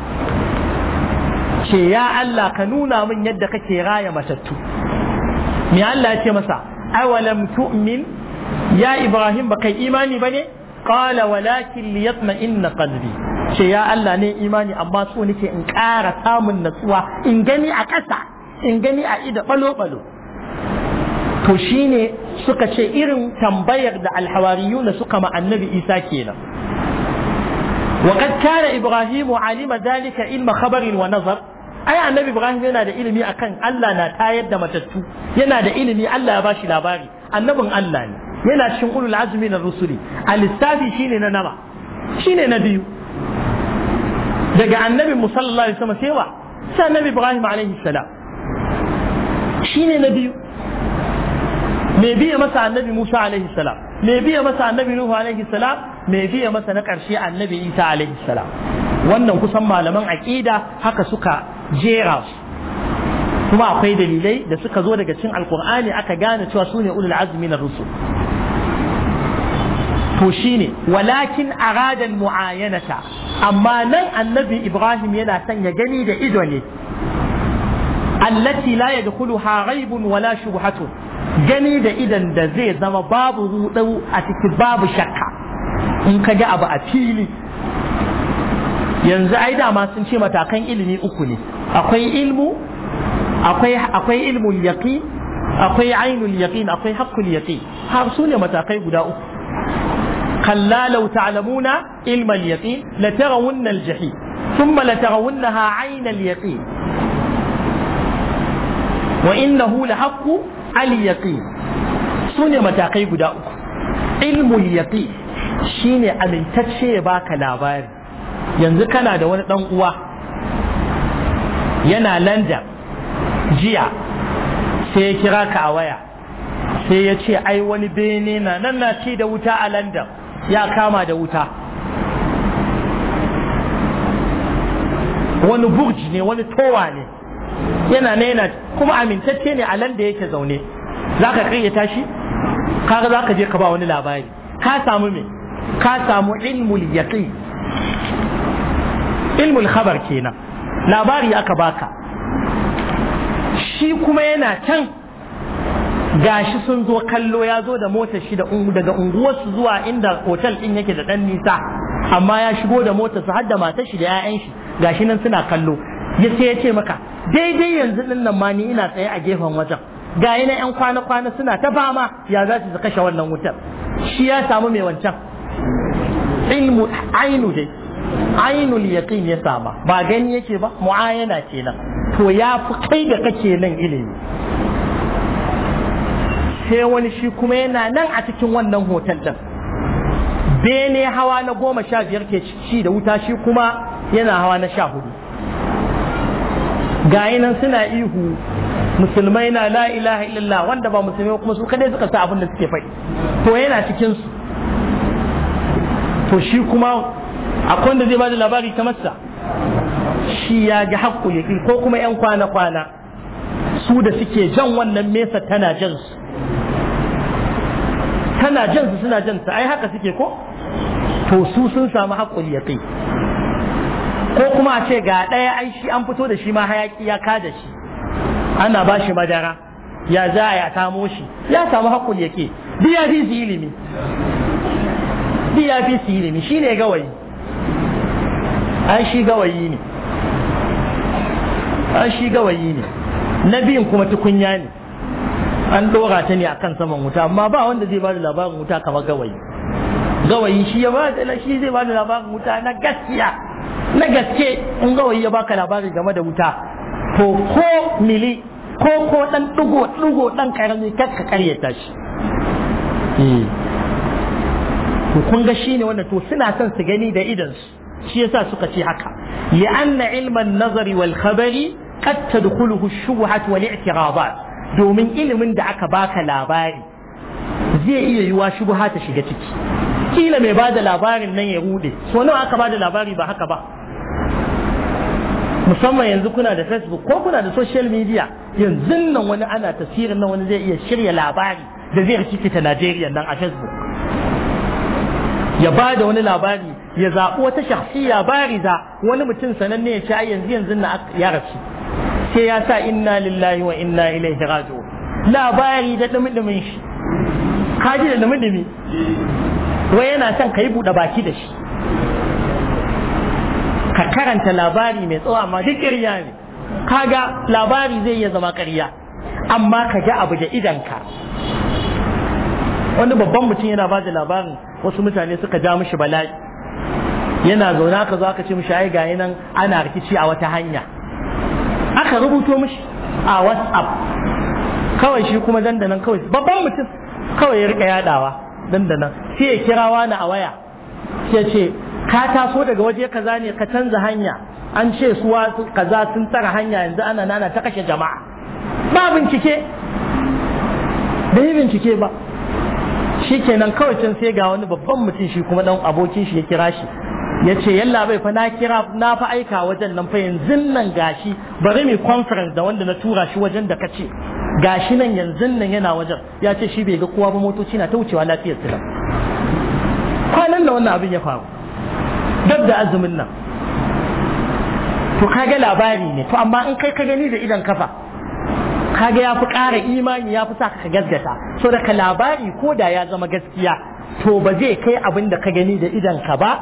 ce ya Allah ka nuna min yadda kake raya matattu me Allah ya ce masa awalam tu'min ya Ibrahim ba kai imani ba ne qala walakin liyatma'inna qalbi ce ya Allah ne imani amma so nake in ƙara samun natsuwa in gani a ƙasa in gani a ida balo balo to shine suka ce irin tambayar da alhawariyuna suka ma annabi Isa kenan وقد كان إبراهيم علم ذلك علم خبر ونظر ai annabi ibrahim yana da ilimi akan Allah na tayar da matattu yana da ilimi Allah ya bashi labari annabin Allah ne yana cikin ulul azumi na rusuli a lissafi shine na nama shine na biyu daga annabi musallallahu alaihi wasallam sai wa sai annabi ibrahim alaihi salam shine na biyu me biya masa annabi musa alaihi salam me biya masa annabi nuhu alaihi salam me biya masa na karshe annabi isa alaihi salam wannan kusan malaman aqida haka suka jera su kuma akwai dalilai da suka zo daga cin alkur'ani aka gane cewa su ne ulul azumi na rusu, to walakin aradan mu'ayanata amma nan annabi ibrahim yana son ya gani da ido ne allati la yadkhuluha ghaibun wala shubhatu gani da idan da zai zama babu rudau a ciki babu shakka in ka ga abu a fili yanzu ai dama sun ce matakan ilimi uku ne akwai ilmu akwai akwai ilmul yaqin akwai ainul yaqin akwai haqqul yaqin har su ne matakai guda uku kalla law ta'lamuna ilmal yaqin la tarawunna al jahim thumma la tarawunnaha ainal yaqin wa innahu la haqqu al yaqin su ne matakai guda uku ilmul yaqin shine amintacce ya baka labari yanzu kana da wani dan uwa yana london jiya sai ya kira ka a waya sai ya ce ai wani bene na nan na ci da wuta a landan ya kama da wuta wani burji ne wani towa ne yana na yana kuma amintacce ne a landa yake zaune za ka ya tashi kaga za ka je ka ba wani labari ka samu me ka samu ilmul yaqin ilmul khabar kenan labari aka baka shi kuma yana can gashi sun zo kallo ya zo da motar shi daga unguwarsu zuwa inda otal ɗin yake da ɗan nisa amma ya shigo da motar su har da matar shi da 'ya'yan shi gashi nan suna kallo ya sai ya ce maka daidai yanzu ɗin nan ma ni ina tsaye a gefen wajen ga na 'yan kwana-kwana suna ta fama ya za su kashe wannan wutar shi ya samu mai wancan ilmu ainu dai ainul yaqin ya saba ba gani yake ba mu'ayana kenan to ya fi kai da kake nan ilimi sai wani shi kuma yana nan a cikin wannan hotel din bene hawa na goma sha biyar ke ci da wuta shi kuma yana hawa na sha hudu gayi nan suna ihu musulmai na la ilaha illallah wanda ba musulmai kuma su kadai suka sa abin da suke faɗi to yana cikin su to shi kuma akwai wanda zai bada labari ta masa shi ya ga haƙƙo ya ko kuma yan kwana-kwana su da suke jan wannan mesa tana jan su tana jan su suna jan su ai haka suke ko to su sun samu haƙƙo ya ko kuma a ce ga ɗaya ai shi an fito da shi ma hayaƙi ya ka da shi ana ba shi madara ya za a ya samo shi ya samu haƙƙo ya ke ya fi su ilimi duk ya fi su ilimi shine gawayi An shi gawayi ne an shi gawayi ne na biyun kuma tukunya ne an ɗora ta ne a kan saman wuta amma ba wanda zai ba da labarin wuta kamar gawayi gawayi shi ya ba da shi zai ba da labarin wuta na gaskiya na gaske in gawayi ya baka labari game da wuta to ko mili ko ko dan dugo dugo dan karami kar ka karyata shi hmm. to kun ga shine wannan to suna son su gani da idan su shi yasa suka ce haka ya anna ilman nazari wal khabari qad tadkhuluhu ash-shubuhat wal i'tiradat domin ilimin da aka baka labari zai iya yiwa shubuha ta shiga ciki kila mai bada labarin nan ya rude so nawa aka bada labari ba haka ba musamman yanzu kuna da facebook ko kuna da social media yanzu nan wani ana tasirin nan wani zai iya shirya labari da zai rikikita najeriya nan a facebook ya ba da wani labari ya zaɓi wata shakhsiyya bariza wani mutum sananne ya ce ai yanzu yanzu na ya rasu sai ya sa inna lillahi wa inna ilaihi raji'un labari da dumudumin shi kaji da dumudumi wai yana son ka yi buɗe baki da shi ka karanta labari mai tsawo amma duk ƙarya ne kaga labari zai iya zama ƙarya amma ka ga abu da idanka wani babban mutum yana ba da labarin wasu mutane suka ja mishi bala'i yana zaune aka zo aka ce mishi ai gayi nan ana rikici a wata hanya aka rubuto mishi a whatsapp kawai shi kuma dandanan kawai babban mutum kawai ya rika yadawa dandanan sai ya kira wani a waya sai ce ka taso daga waje kaza ne ka canza hanya an ce suwa kaza sun tsara hanya yanzu ana nana ta kashe jama'a ba bincike da yi bincike ba shi kenan kawai can sai ga wani babban mutum shi kuma dan abokin shi ya kira shi ya ce yalla bai fa na kira na fa aika wajen nan fa yanzu nan gashi bari mu conference da wanda na tura shi wajen da kace gashi nan yanzu nan yana wajen ya ce shi bai ga kowa ba motoci na ta wucewa lafiyar tilam kwanan da wannan abin ya faru dab da azumin nan to kaga labari ne to amma in kai ka gani da idan kafa kaga ya fi ƙara imani ya fi sa ka gaskata so da ka labari ko da ya zama gaskiya to ba zai kai abin da ka gani da idan ka ba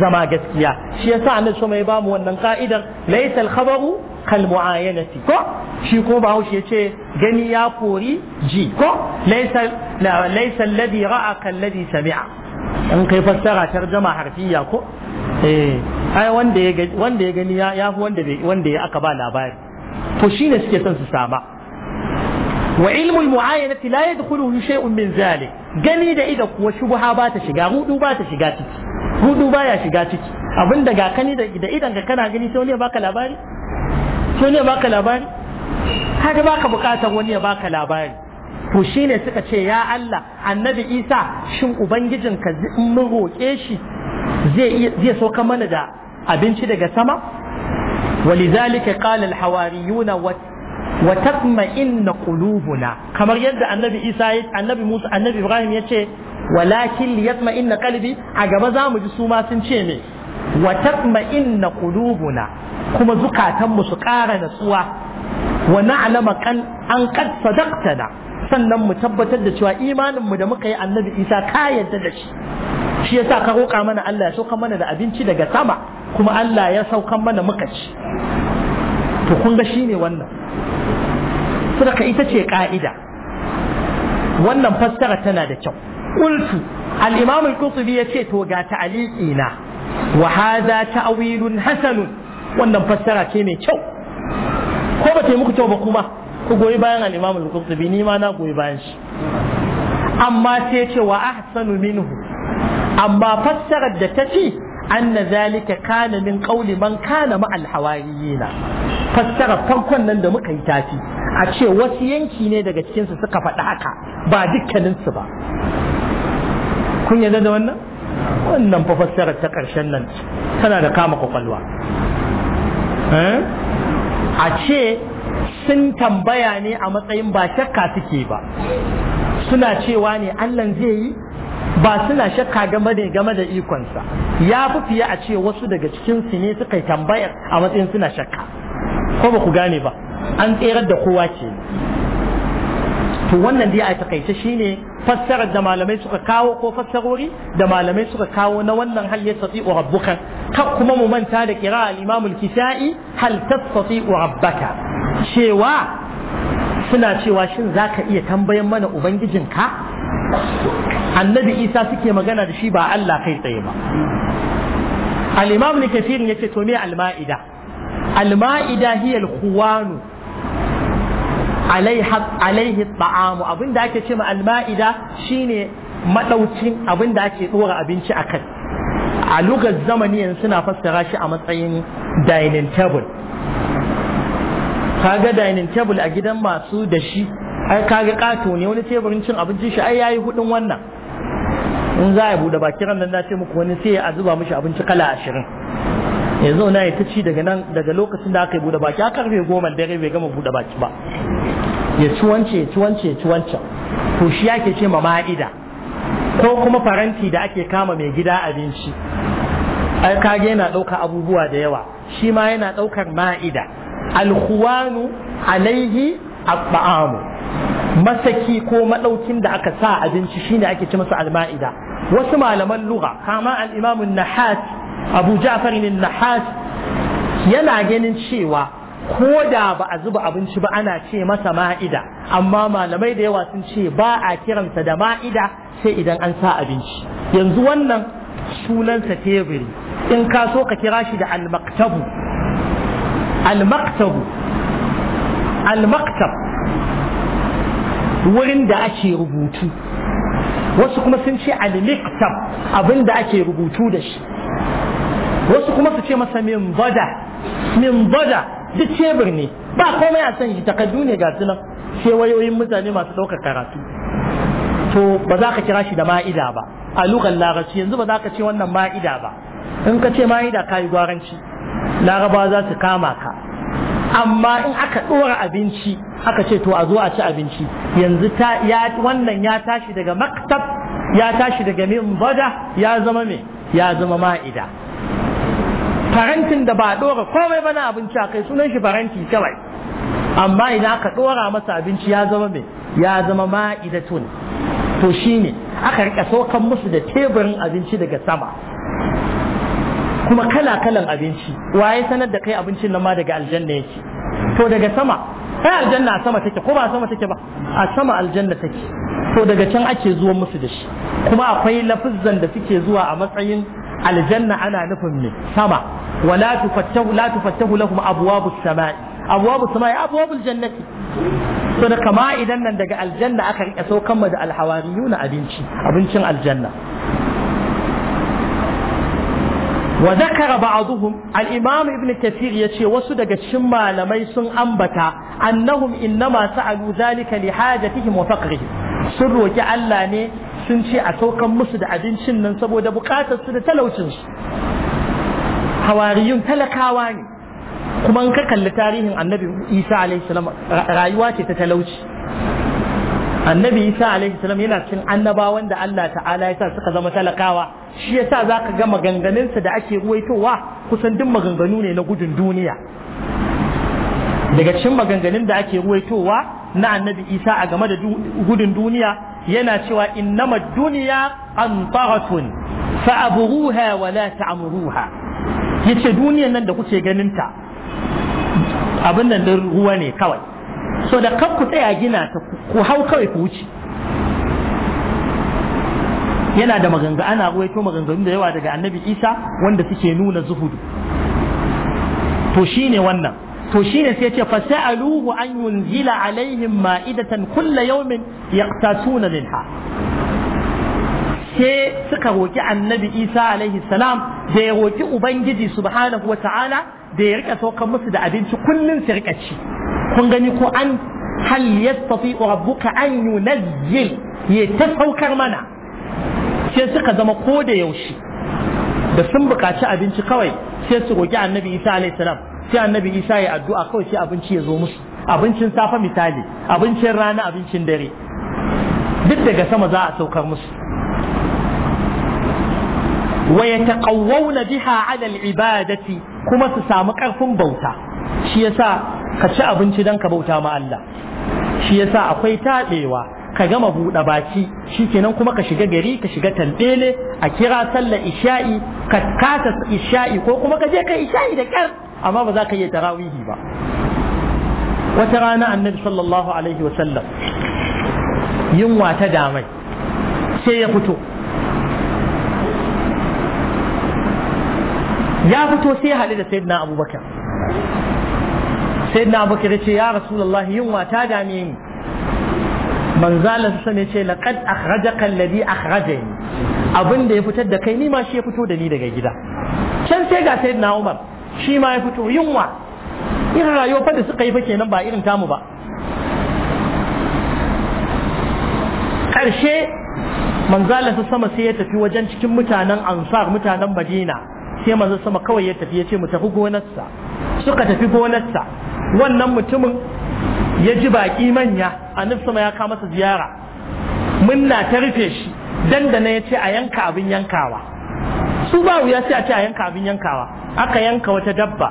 zama gaskiya shi yasa annabi so mai bamu wannan ka'idar laysa al-khabaru kal mu'ayanati ko shi ba bahaushe yace gani ya kori ji ko laysa laysa alladhi ra'a kal ladhi sami'a An kai fassara tarjama harfiya ko eh ai wanda ya wanda ya gani ya fi wanda wanda ya aka ba labari to shine suke son su sama wa ilmul mu'ayanati la yadkhuluhu shay'un min zalik gani da ida kuwa shubha ba ta shiga hudu ba ta shiga ciki hudu baya shiga ciki abin da ga kani da idan kana gani sai wani ya baka labari sai wani ya baka labari kaga baka bukatar wani ya baka labari to shine suka ce ya Allah annabi Isa shin ubangijin ka mun roƙe shi zai zai so ka mana da abinci daga sama ولذلك قال الحواريون وتطمئن قلوبنا kamar yadda annabi Isa annabi annabi Ibrahim yace walakin liyatma inna kalbi a gaba za mu ji su ma sun ce me wa tatma inna qulubuna kuma zukatanmu su ƙara natsuwa wa na'lama kan an qad sadaqtana sannan mu tabbatar da cewa imanin mu da muka yi annabi Isa ka da shi shi yasa ka roƙa mana Allah ya sauka mana da abinci daga sama kuma Allah ya sauka mana muka ci to kun ga shine wannan sadaka ita ce ka'ida wannan fassara tana da kyau qultu al-imam al-qurtubi yace to ga ta'liqi na wa hadha ta'wilun hasan wannan fassara ce mai kyau ko ba ta yi muku kyau ba kuma ku goyi bayan al-imam ni ma na goyi bayan shi amma sai ce wa ahsanu minhu amma fassarar da ta ce anna zalika kana min qawli man kana ma al-hawariyina fassarar farkon nan da muka yi tafi a ce wasu yanki ne daga cikinsu suka faɗi haka ba dukkaninsu ba kun yarda da wannan wannan fa fassarar ta ƙarshen nan tana da kama kwakwalwa eh? a ce sun tambaya ne a matsayin ba shakka suke ba suna cewa ne Allah zai yi ba suna shakka game da game da ikonsa ya fi fiye a ce wasu daga cikin su ne suka yi tambayar a matsayin suna shakka ko ba ku gane ba an tserar da kowa ce to wannan dai a takaice shine fassarar da malamai suka kawo ko fassarori da malamai suka kawo na wannan hal yastati'u rabbuka kar kuma mu manta da kira al-imam al-kisai hal tastati'u rabbaka cewa suna cewa shin zaka iya tambayan mana ubangijinka annabi isa suke magana da shi ba Allah kai tsaye ba al-imam al-kathir yace to me al-ma'ida al-ma'ida hiya al-khuwanu alaihi ta'amu abin da ake ce ma alma'ida shine madaukin abin da ake dora abinci a kai a lugar zamani yanzu suna fassara shi a matsayin dining table kaga dining table a gidan masu da shi ai kaga kato ne wani teburin cin abincin shi ai yayi hudun wannan in za a bude baki nan na ce muku wani sai a zuba mishi abinci kala ashirin yanzu na ya ta ci daga nan daga lokacin da aka yi buɗe baki aka karfe goma dare bai gama buɗe baki ba ya ci wance ya ci wance ya ci wancan to shi ake ce ma ma'ida ko kuma faranti da ake kama mai gida abinci ai kage yana ɗauka abubuwa da yawa shi ma yana ɗaukar ma'ida alhuwanu alaihi abba'amu masaki ko madaukin da aka sa abinci shine ake ce masa alma'ida wasu malaman lugha kama al an nahat abu ja'far nahas yana ganin cewa ko da ba a zuba abinci ba ana ce masa ma'ida amma malamai da yawa sun ce ba a kiransa da ma'ida sai idan an sa abinci yanzu wannan sunansa teburi in ka so ka kira shi da almaktabu almaktabu almaktab wurin da ake rubutu wasu kuma sun ce almiktab abin da ake rubutu da shi wasu kuma su ce masa min bada min bada duk cebir ne ba komai a san shi takardu ne ga sunan sai wayoyin mutane masu ɗaukar karatu to ba za ka kira shi da ma'ida ba a lukan larabci yanzu ba za ka ce wannan ma'ida ba in ka ce ma'ida ka yi gwaranci laraba za su kama ka amma in aka ɗora abinci aka ce to a zo a ci abinci yanzu wannan ya tashi daga maktab ya tashi daga min bada ya zama me ya zama ma'ida farantin da ba ɗora komai bana abinci a kai sunan shi faranti kawai amma idan aka ɗora masa abinci ya zama mai ya zama ma'idatun to shine aka rika saukan musu da teburin abinci daga sama kuma kala kalan abinci waye sanar da kai abincin nan ma daga aljanna yake to daga sama ai aljanna a sama take ko ba sama take ba a sama aljanna take to daga can ake zuwa musu da shi kuma akwai lafuzzan da suke zuwa a matsayin aljanna ana nufin ne sama wala tufattahu la tufattahu lahum abwabus samai abwabus samai abwabul jannati so da kama idan nan daga aljanna aka rike saukan mu da alhawariyuna abinci abincin aljanna wa zakara ba'dhum al-imam ibn kathir yace wasu daga cikin malamai sun ambata annahum innama sa'alu zalika li hajatihim wa faqrihim sun roki Allah ne sun ce a saukan musu da abincin nan saboda bukatar su da talaucin su hawariyun talakawa ne kuma in ka kalli tarihin annabi isa alaihi rayuwa ce ta talauci annabi isa alaihi yana cikin annabawan da Allah ta'ala ya sa suka zama talakawa shi ya sa za ka ga maganganunsa da ake ruwaitowa kusan duk maganganu ne na gudun duniya daga cikin maganganun da ake ruwaitowa na annabi isa a game da gudun duniya yana cewa innama duniya an taratun fa'aburuha wa la ta'amuruha yace duniyan nan da kuke ganin ta abin nan din ruwa ne kawai so da kan ku tsaya gina ta ku hau kawai ku wuce yana da maganga ana ruwaito maganganu da yawa daga annabi isa wanda suke nuna zuhudu to shine wannan to shine sai ce fa sa'aluhu an yunzila alaihim ma'idatan kulla yawmin yaqtasuna minha sai suka roki annabi Isa alaihi salam da ya roki ubangiji subhanahu wata'ala da ya rika saukar musu da abinci kullun su rika ci kun gani ko an hal yastati rabbuka an yunazzil ya ta saukar mana sai suka zama ko da yaushe da sun buƙaci abinci kawai sai su roki annabi Isa alaihi salam sai annabi isa ya addu'a kawai sai abinci ya zo musu abincin safe misali abincin rana abincin dare duk daga sama za a saukar musu wa yataqawwawna biha ala al-ibadati kuma su samu karfin bauta shi yasa ka ci abinci dan ka bauta ma Allah shi yasa akwai tabewa ka gama buɗe baki shikenan kuma ka shiga gari ka shiga tantele a kira sallar isha'i ka kasa isha'i ko kuma ka je ka isha'i da kyar amma ba za ka iya tarawihi ba wata rana annabi sallallahu alaihi wasallam yunwa ta damai sai ya fito ya fito sai hali da sayyidina abubakar sayyidina abubakar ya ce ya rasulullahi yunwa ta dame ni manzalar su sani ce laqad akhrajaka alladhi akhrajani abin da ya fitar da kai ni ma shi ya fito da ni daga gida can sai ga sayyidina umar shi ma ya fito yunwa irin rayuwa fa suka yi fa kenan ba irin tamu ba ƙarshe manzala su sama sai ya tafi wajen cikin mutanen ansar mutanen madina sai manzo sama kawai ya tafi ya ce mu tafi gonarsa suka tafi gonarsa wannan mutumin ya ji baƙi manya annabi sama ya kama masa ziyara munna ta rufe shi dandana ya ce a yanka abin yankawa su ba wuya sai a ce a yanka abin yankawa aka yanka wata dabba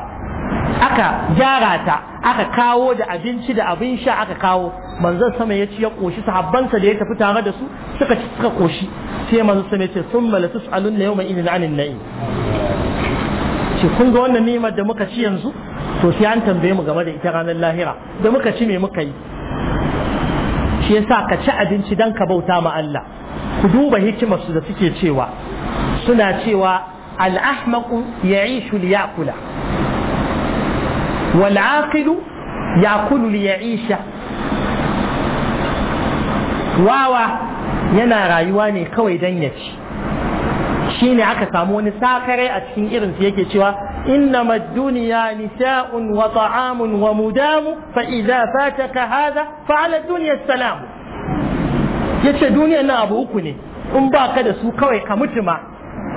aka gyara ta aka kawo da abinci da abin sha aka kawo manzon sama ya ci ya koshi sahabbansa da ya tafi tare da su suka ci suka koshi sai manzon sama ya ce summa la yau mai idin anin na'i. ce kun ga wannan ni'imar da muka ci yanzu to sai an tambaye mu game da ita ranar lahira da muka ci me muka yi shi yasa ka ci abinci dan ka bauta ma Allah ku duba hikimar su da suke cewa suna cewa al'ahmaku ya yi shul ya kula ya kulu ya isha wawa yana rayuwa ne kawai don ya ci shi ne aka samu wani sakarai a cikin irinsu yake cewa إنما الدنيا نساء وطعام ومدام فإذا فاتك هذا فعلى الدنيا السلام yace duniya na abu uku ne in ba ka da su kawai ka mutu ma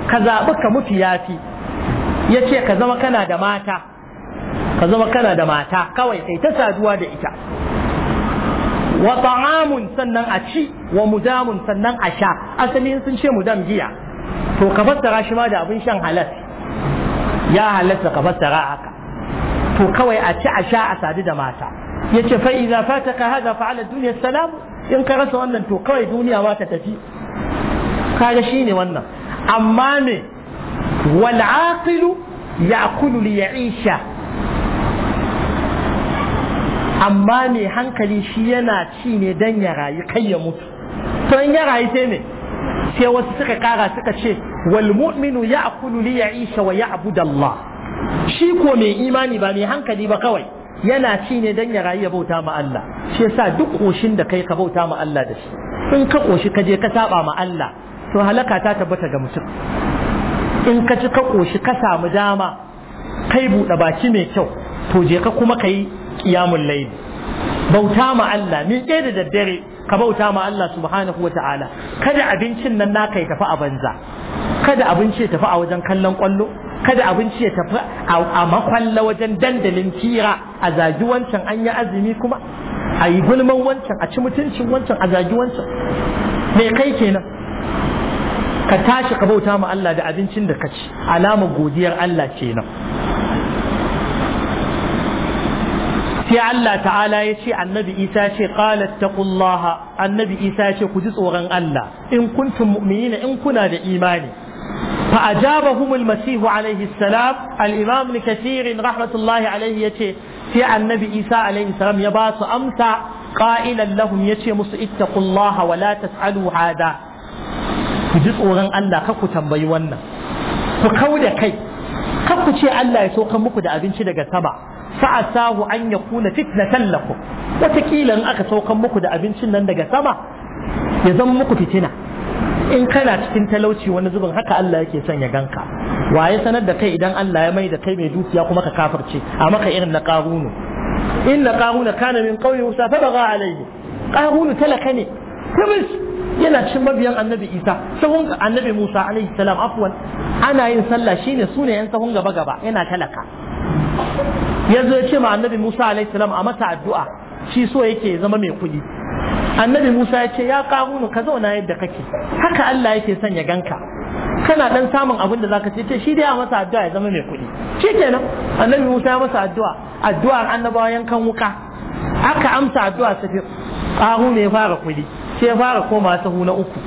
ka zaɓi ka mutu ya fi. ya ce ka zama kana da mata ka zama kana da mata kawai kai ta saduwa da ita wa ta'amun sannan a ci wa mudamun sannan a sha asali sun ce mudam giya to ka fassara shi ma da abin shan halas ya halatta ka fassara haka to kawai a ci a sha a sadu da mata ya ce fa iza fataka hada fa ala duniya salamu in ka rasa wannan to kawai duniya ma ta tafi kaga shine wannan amma ne wal ya ya'kulu ya isha. amma mai hankali shi yana ci ne dan ya rayu kai ya mutu to in ya rayu sai ne sai wasu suka kara suka ce wal mu'minu ya'kulu ya isha wa ya'budu Allah shi ko mai imani ba mai hankali ba kawai yana ci ne dan ya rayu ya bauta ma Allah shi yasa duk ƙoshin da kai ka bauta ma Allah da shi in ka ƙoshi ka je ka saba ma Allah to halaka ta tabbata ga mutum in ka ci ka koshi ka samu dama kai buɗe baki mai kyau to je ka kuma kai ƙiyamun layl bauta ma Allah min da daddare ka bauta ma Allah subhanahu wa ta'ala kada abincin nan naka ya tafi a banza kada abinci ya tafi a wajen kallon kwallo kada abinci ya tafi a makwalla wajen dandalin tira a zagi wancan an yi azumi kuma a yi gulman wancan a ci mutuncin wancan a zagi wancan me kai kenan ka tashi ka bauta ma Allah da abincin da ka ci alama godiyar Allah kenan sai Allah ta'ala ya ce annabi Isa ce qalat taqullaha annabi Isa ce ku ji tsoron Allah in kuntum mu'minina in kuna da imani Fa'ajaba ajabahum al-masih al-imam kathir rahmatullahi alayhi yace sai annabi Isa alayhi salam ya basu su amsa qa'ilan lahum yace musu ittaqullaha wa la tas'alu hada ku ji tsoron Allah ka ku tambayi wannan ku kau da kai ka ku ce Allah ya sauka muku da abinci daga sama asahu an yakuna fitnatan lakum watakila in aka saukar muku da abincin nan daga sama ya zama muku fitina in kana cikin talauci wani zubin haka Allah yake son ya ganka waye sanar da kai idan Allah ya mai da kai mai dukiya kuma ka kafirce a maka irin na qarunu in na qaruna kana min qawli musa fa baga alayhi qarunu talaka ne tabbas yana cin mabiyan annabi isa sahun annabi musa alaihi salam afwan ana yin sallah shine sune yan sahun gaba gaba yana talaka yanzu ya ce ma annabi musa alaihi salam a masa addu'a shi so yake zama mai kuɗi annabi musa ya ce ya ƙarunu ka zauna yadda kake haka allah yake son ya ganka kana dan samun abin da zaka ce shi dai a masa addu'a ya zama mai kuɗi kenan annabi musa ya masa addu'a addu'ar annabawa yankan wuka aka amsa addu'a sai ƙarunu ya fara kuɗi sai ya fara koma sahu na uku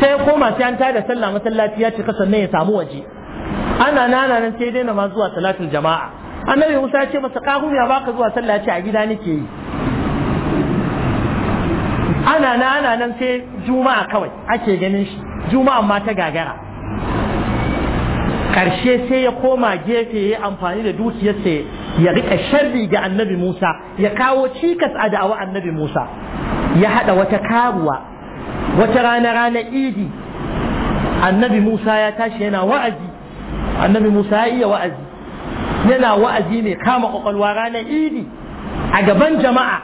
sai ya koma sai an tada sallah masallaci ya ka sannan ya samu waje ana nana nan sai daina ma zuwa salatul jama'a annabi Musa ya ce masa kahu ya baka zuwa sallah ce a gida nake yi ana nana nan sai juma'a kawai ake ganin shi juma'a ma ta gagara karshe sai ya koma gefe ya amfani da dukiyarsa ya rika sharri ga annabi Musa ya kawo cikas a da'awa annabi Musa ya hada wata karuwa wata rana rana idi annabi Musa ya tashi yana wa'azi annabi Musa ya iya wa'azi yana wa'azi ne kama kwakwalwa ranar idi a gaban jama'a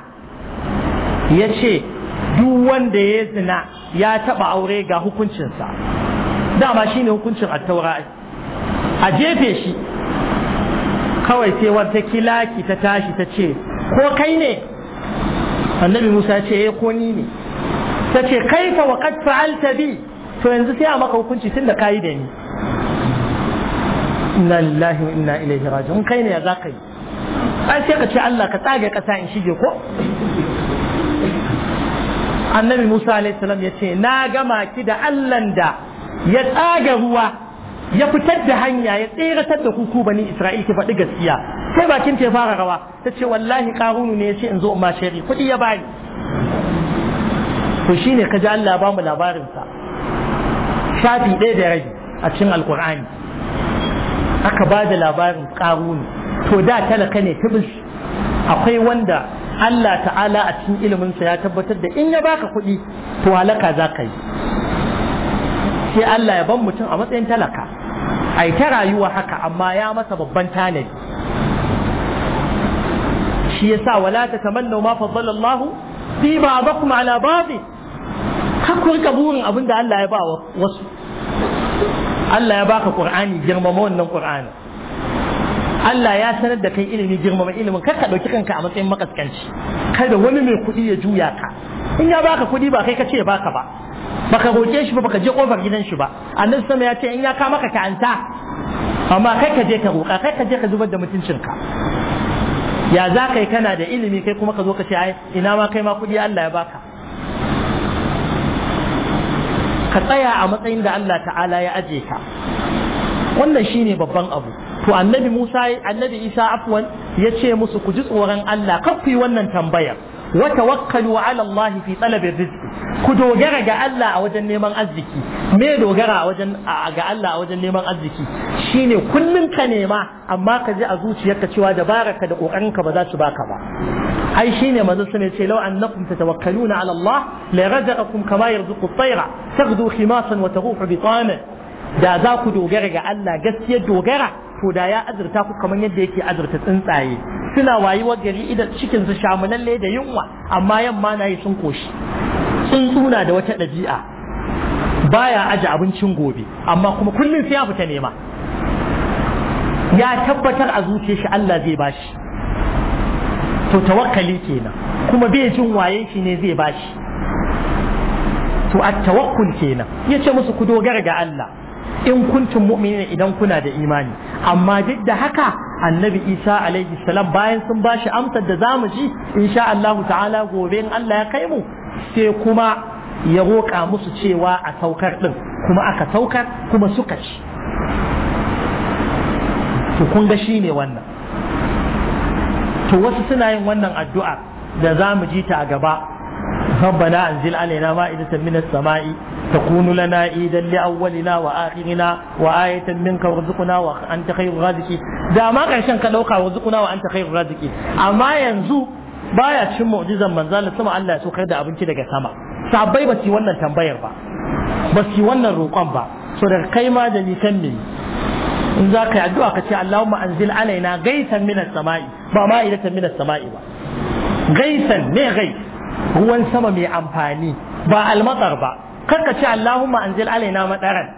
ya ce duk wanda ya zina ya taɓa aure ga hukuncinsa dama shine hukuncin attaura a jefe shi kawai sai wata kilaki ta tashi ta ce ko kai ne annabi musa ce eh ko ni ne ta ce ka wa qad fa'alta bi to yanzu sai a maka hukunci tun da kayi da ni inna lillahi wa inna ilaihi raji'un kai ne ya zaka yi ai sai ka ce Allah ka tsage kasa in shige ko annabi musa alaihi salam ya ce na gama ki da allan da ya tsage ruwa ya fitar da hanya ya tseratar da kuku bani Isra'il ki faɗi gaskiya sai bakin ta fara rawa ta ce wallahi karunu ne ya ce in zo ma shari kuɗi ya bani to shine kaji Allah ba mu labarin sa shafi ɗaya da rabi a cikin Alƙur'ani aka ba da labarin karunu to da talaka ne tubus akwai wanda Allah ta'ala a cikin iliminsa ya tabbatar da in ya baka kuɗi to halaka za ka yi sai Allah ya ban mutum a matsayin talaka ai ta rayuwa haka amma ya masa babban tanadi shi yasa wala ta tamanna ma faddala Allah fi ba'dakum ala ba'd kakku rika burin abin da Allah ya ba wasu Allah ya baka Qur'ani girmama wannan Qur'ani Allah ya sanar da kai ilimi girmama ilimin kar ka dauki kanka a matsayin makaskanci kada wani mai kuɗi ya juya ka in ya baka kuɗi ba kai ka ce baka ba baka roƙe shi ba baka je ƙofar gidan shi ba annabi sama ya ce in ya ka maka ka anta amma kai ka je ka roƙa kai ka je ka zubar da mutuncinka ya za kai kana da ilimi kai kuma ka zo ka ce ai ina ma kai ma kuɗi Allah ya baka ka tsaya a matsayin da Allah ta'ala ya aje ka wannan shine babban abu to annabi Musa annabi Isa afwan ya ce musu ku ji tsoron Allah kar ku yi wannan tambayar Wata tawakkalu ala Allah fi talabi rizqi ku dogara ga Allah a wajen neman arziki me dogara ga Allah a wajen neman arziki shine kullun ka nema amma kaje a zuciyarka cewa dabararka da kokarinka ba za su baka ba ai shine manzo sun ce law annakum tatawakkaluna ala Allah la razaqakum kama yarzuqu at-tayra taghdu khimasan wa taghufu bitana da za ku dogara ga Allah gaskiya dogara to da ya azurta ku kamar yadda yake azurta tsuntsaye suna wayewar gari idan cikin su shamulalle da yunwa amma yamma na yi sun koshi sun tuna da wata ɗabi'a baya aje abincin gobe amma kuma kullum sai ya fita nema ya tabbatar a zuciyar shi Allah zai bashi to tawakkali kenan kuma bai jin wayen shi ne zai bashi to at tawakkul kenan yace musu ku dogara ga Allah in kuntum mu'minin idan kuna da imani amma duk da haka annabi isa alaihi salam bayan sun bashi amsar da zamu ji insha Allah ta'ala gobe in Allah ya kai mu sai kuma ya roƙa musu cewa a saukar din kuma aka saukar kuma suka ci to kun ga shine wannan to wasu suna yin wannan addu'a da zamu ji ta a gaba ربنا أنزل علينا مائدة من السماء تكون لنا عيدا لأولنا وآخرنا وآية منك وارزقنا وأنت خير الرازقين دا ما كان كدوكا وارزقنا وأنت خير الرازقين أما ينزو baya cikin mu'jizan manzo sama Allah ya saukar da abinci daga sama sahabbai ba su wannan tambayar ba ba wannan roƙon ba so daga kai ma da ni kan in za ka yi addu'a ka ce Allahumma anzil alaina gaisan sama'i ba sama'i ba gaisan ne rai. ruwan sama mai amfani ba almatar ba karka ce Allahumma anzil alaina madaran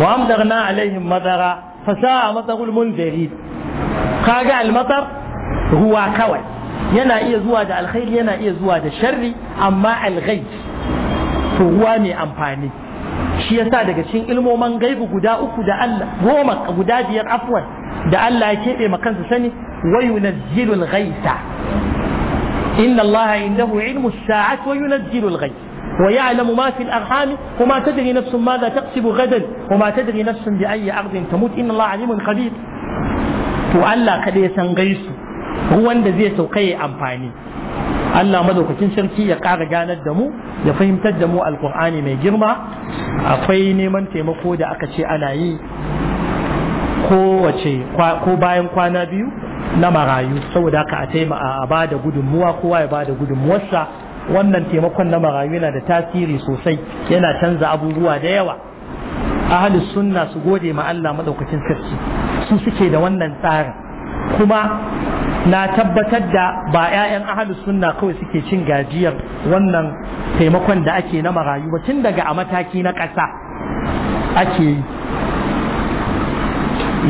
wa amdarna alaihim madara fa sa'a matarul munzari kaga almatar ruwa kawai yana iya zuwa da alkhairi yana iya zuwa da sharri amma alghayb to ruwa mai amfani shi yasa daga cikin ilmoman gaibu guda uku da Allah goma guda biyar afwan da Allah ya keɓe makansa sani wa yunazzilul ghaitha إن الله عنده علم الساعة وينزل الغيث ويعلم ما في الأرحام وما تدري نفس ماذا تكسب غدا وما تدري نفس بأي أرض تموت إن الله عليم خبير وألا قد يسنغيس هو أن ذي سوقي أمفاني Allah madaukakin sarki ya ƙara ganar da mu ya fahimtar da mu alkur'ani mai girma akwai neman taimako da aka ce ana yi kowace ko bayan kwana biyu na marayu saboda haka a taima a ba da gudunmuwa kowa ya ba da gudunmuwarsa wannan taimakon na marayu yana da tasiri sosai yana canza abubuwa da yawa ahalus sunna su gode ma Allah madaukakin sarki su suke da wannan tsarin kuma na tabbatar da ba 'ya'yan ahalus sunna kawai suke cin gajiyar wannan taimakon da ake na marayu ba tun daga a mataki na ƙasa ake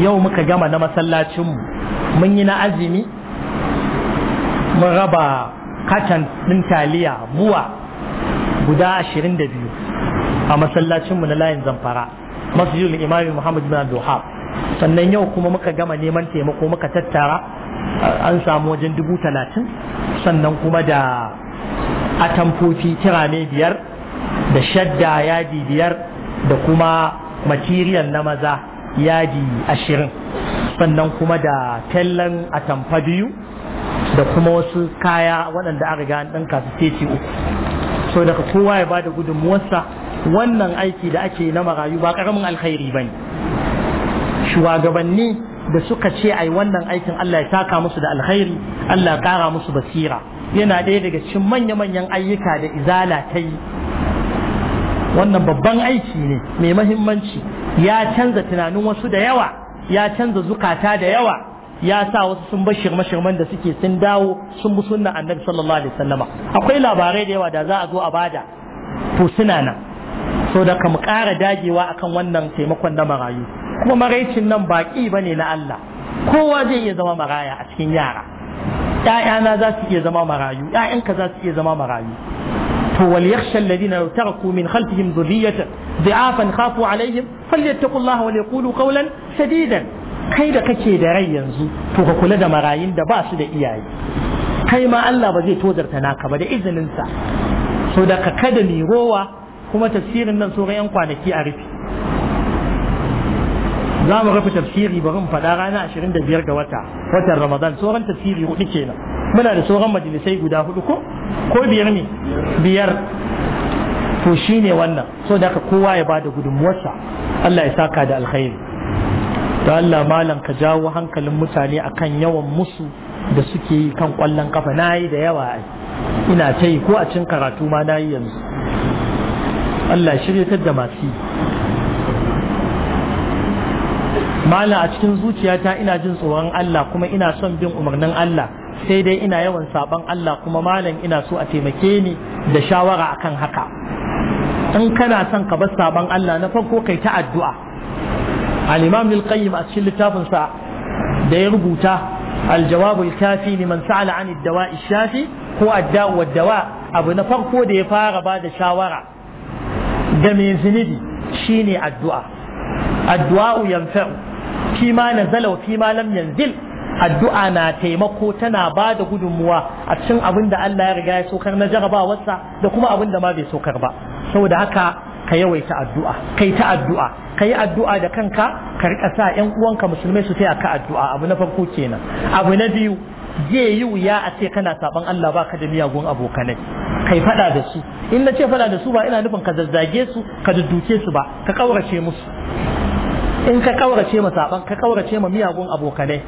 yau muka gama na masallacinmu mun yi na azumi mun raba katan ɗin taliya buwa guda ashirin da biyu a masallacinmu na layin zamfara masjidul imami muhammad bin Doha. sannan yau kuma muka gama neman taimako muka tattara an samu wajen dubu talatin sannan kuma da atamfofi kirame biyar da shadda yadi biyar da kuma material na maza yadi ashirin sannan kuma da tallan atamfa biyu da kuma wasu kaya waɗanda aka riga ɗan kasu teci uku so daga kowa ya bada gudunmuwarsa wannan aiki da ake na marayu ba ƙaramin alkhairi ba ne shugabanni da suka ce a yi wannan aikin Allah ya taka musu da alkhairi Allah ya ƙara musu basira yana ɗaya daga cikin manya-manyan ayyuka da izala ta yi wannan babban aiki ne mai mahimmanci ya canza tunanin wasu da yawa ya canza zukata da yawa ya sa wasu sun bar shirme-shirmen da suke sun dawo sun bi sunna annabi sallallahu alaihi wasallama akwai labarai da yawa da za a zo a bada to suna nan so da mu ƙara dagewa akan wannan taimakon na marayu kuma maraicin nan baƙi ba ne na Allah kowa zai iya zama maraya a cikin yara ‘ya'yana za su iya zama marayu ‘ya'yanka za su iya zama marayu to wal yakhsha alladhina taraku min khalfihim dhurriyatan ضعافا خافوا عليهم فليتقوا الله وليقولوا قولا سديدا kai da kake da rai yanzu to ka kula da marayun da ba su da iyaye kai ma Allah ba zai tozarta naka ba da izininsa so da ka kada ni rowa kuma tafsirin nan so yan kwanaki a rufe za mu rufe tafsiri bari mu faɗa rana biyar ga wata watan Ramadan sauran tafsiri hudu kenan muna da sauran majalisai guda hudu ko ko biyar ne biyar to shine wannan so da ka kowa ya bada gudunmuwarsa Allah ya saka da alkhairi da Allah malam ka jawo hankalin mutane akan yawan musu da suke yi kan kwallon kafa na yi da yawa ina ta yi ko a cin karatu ma na yi yanzu Allah shiryatar da masu malam a cikin zuciyata ina jin tsoron Allah kuma ina son bin umarnin Allah sai dai ina yawan saban Allah kuma malam ina so a taimake ni da shawara akan haka in kana son ka bar sabon Allah na farko kai ta addu'a al-imam al-qayyim a cikin littafin sa da ya rubuta al-jawab al-kafi liman sa'ala an ad-dawa shafi ko ad-da'u wad-dawa abu na farko da ya fara ba da shawara ga mai zunubi shine addu'a addu'a yanfa'u fi ma nazala fi ma lam yanzil addu'a na taimako tana ba da gudunmuwa a cikin abin da Allah ya riga ya saukar na jarabawarsa da kuma abin da ma bai saukar ba saboda haka ka yawaita addu'a kai ta addu'a kai addu'a da kanka ka rika sa yan uwanka musulmai su taya ka addu'a abu na farko kenan abu na biyu je yi wuya a ce kana saban Allah baka da miyagun abokanai kai fada da su in na ce fada da su ba ina nufin ka zazzage su ka dudduke su ba ka kaurace musu in ka kaurace ma saban ka kaurace ma miyagun abokanai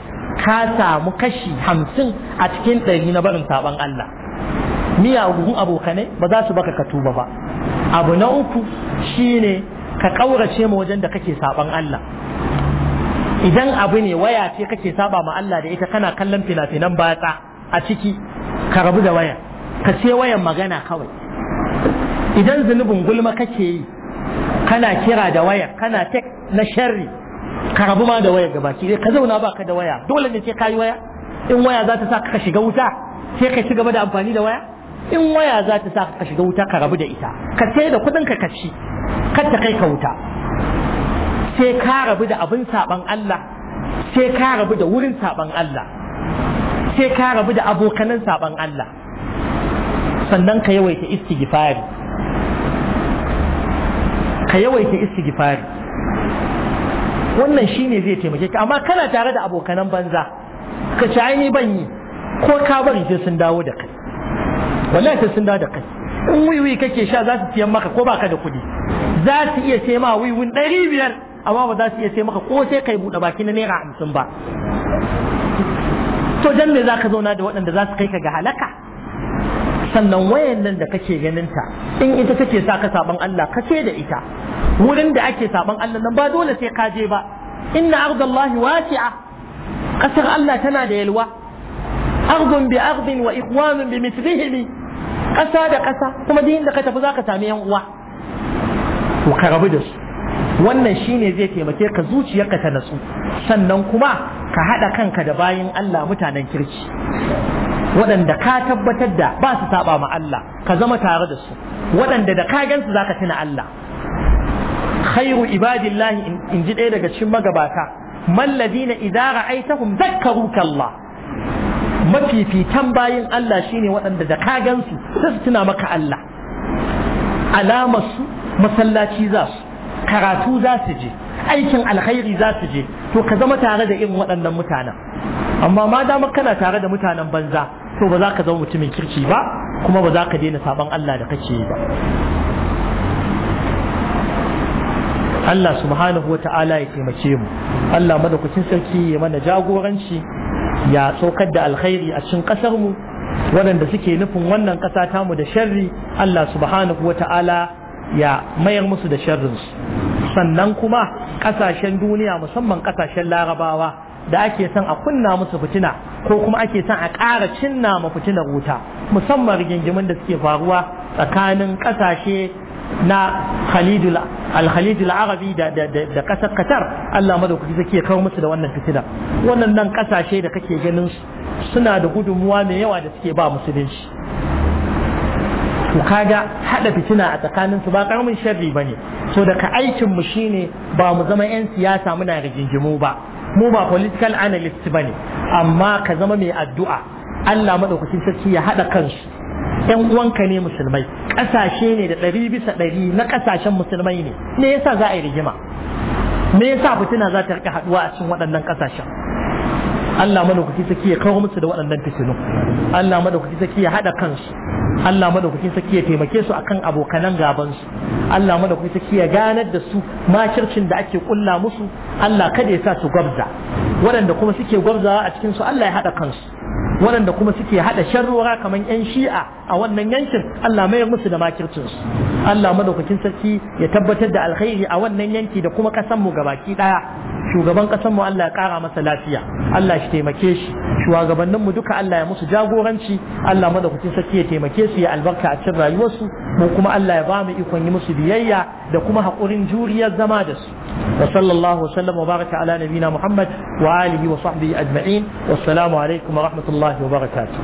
ka samu kashi hamsin a cikin ɗari na barin saban Allah miyagun abokanai ba za su baka ka tuba ba abu na uku shine ka ƙaurace mu wajen da kake saban Allah idan abu ne waya ce kake saba ma Allah da ita kana kallon fina-finan batsa a ciki ka rabu da waya ka ce wayan magana kawai idan zunubin gulma kake yi kana kira da waya kana tek na sharri ka rabu ma da waya gabaki ka zauna baka da waya dole ne ce kayi waya in waya za ta sa ka shiga wuta sai ka ci gaba da amfani da waya in waya za ta sa ka shiga wuta ka rabu da ita ka sai da kudin ka kaci kar ta kai ka wuta sai ka rabu da abin saban Allah sai ka rabu da wurin saban Allah sai ka rabu da abokanan saban Allah sannan ka yawaita istighfari ka yawaita istighfari wannan shine zai taimake ka amma kana tare da abokanan banza ka ci aini ban yi ko ka bari sai sun dawo da kai wallahi sai sun da kai in wiwi kake sha za su siyan maka ko baka da kuɗi za su iya sai ma wiwin ɗari biyar amma ba za su iya sai maka ko sai kai buɗe baki na naira hamsin ba to dan me za ka zauna da waɗanda za su kai ka ga halaka sannan wayan nan da kake ganin ta in ita take sa ka saban Allah kace da ita wurin da ake saban Allah nan ba dole sai ka je ba inna ardallahi wasi'a kasar Allah tana da yalwa ardun bi ardin wa ikhwanun bi mithlihim ƙasa da ƙasa kuma duk inda ka tafi za ka sami yan uwa to ka rabu da su wannan shine zai taimake ka zuciyarka ta nasu sannan kuma ka haɗa kanka da bayin Allah mutanen kirki waɗanda ka tabbatar da ba su saba ma Allah ka zama tare da su waɗanda da ka gansu za ka tuna Allah khairu ibadillahi in ji ɗaya daga cikin magabata mallazina idza ra'aytahum zakkaruka Allah mafifitan bayin Allah shine waɗanda da ka gansu sai su tuna maka Allah alamar su masallaci za su karatu za su je aikin alkhairi za su je to ka zama tare da irin waɗannan mutanen amma ma dama kana tare da mutanen banza to ba za ka zama mutumin kirki ba kuma ba za ka daina saban Allah da kake yi ba Allah subhanahu wa ta'ala ya taimake mu Allah madaukakin sarki ya mana jagoranci ya saukar da alkhairi a cikin ƙasarmu waɗanda suke nufin wannan ƙasa mu da sharri Allah subhanahu wa ta'ala ya mayar musu da sharrinsu sannan kuma ƙasashen duniya musamman ƙasashen larabawa da ake son a kunna musu fitina ko kuma ake son a ƙara cinna ma fitinar wuta musamman rigingimin da suke faruwa tsakanin ƙasashe na khalidul al arabi da da kasar qatar Allah madaukaki zai ya kawo musu da wannan fitina wannan nan kasashe da kake ganin su suna da gudunmuwa mai yawa da suke ba musulunci to kaga hada fitina a tsakanin su ba karamin sharri bane so daga aikin mu shine ba mu zama yan siyasa muna rigingimu ba mu ba political analyst bane amma ka zama mai addu'a Allah madaukakin sarki ya hada kansu yan uwanka ne musulmai ƙasashe ne da ɗari bisa ɗari na ƙasashen musulmai ne me yasa za a yi rigima me yasa fitina za ta rika haɗuwa a cikin waɗannan ƙasashen Allah madaukaki saki ya kawo musu da waɗannan fitinu Allah madaukaki saki ya haɗa kansu Allah madaukaki saki ya taimake su akan abokanan gaban su Allah madaukaki saki ya ganar da su makircin da ake kulla musu Allah kada ya sa su gwabza waɗanda kuma suke gwabzawa a cikin su Allah ya haɗa kansu waɗanda kuma suke haɗa ruwa kamar 'yan shi'a a wannan yankin Allah mayar musu da makircinsu Allah madaukakin sarki ya tabbatar da alkhairi a wannan yanki da kuma mu gabaki ɗaya shugaban ƙasanmu Allah ya ƙara masa lafiya Allah shi taimake shi shugabanninmu duka Allah ya musu jagoranci Allah madaukakin sarki ya taimake su ya albarka a cikin rayuwarsu mu kuma Allah ya ba mu ikon yi musu biyayya da kuma haƙurin juriyar zama da su wa sallallahu wa sallam wa baraka ala nabina Muhammad wa alihi wa sahbihi ajma'in wassalamu alaikum ورحمة الله وبركاته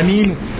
أمين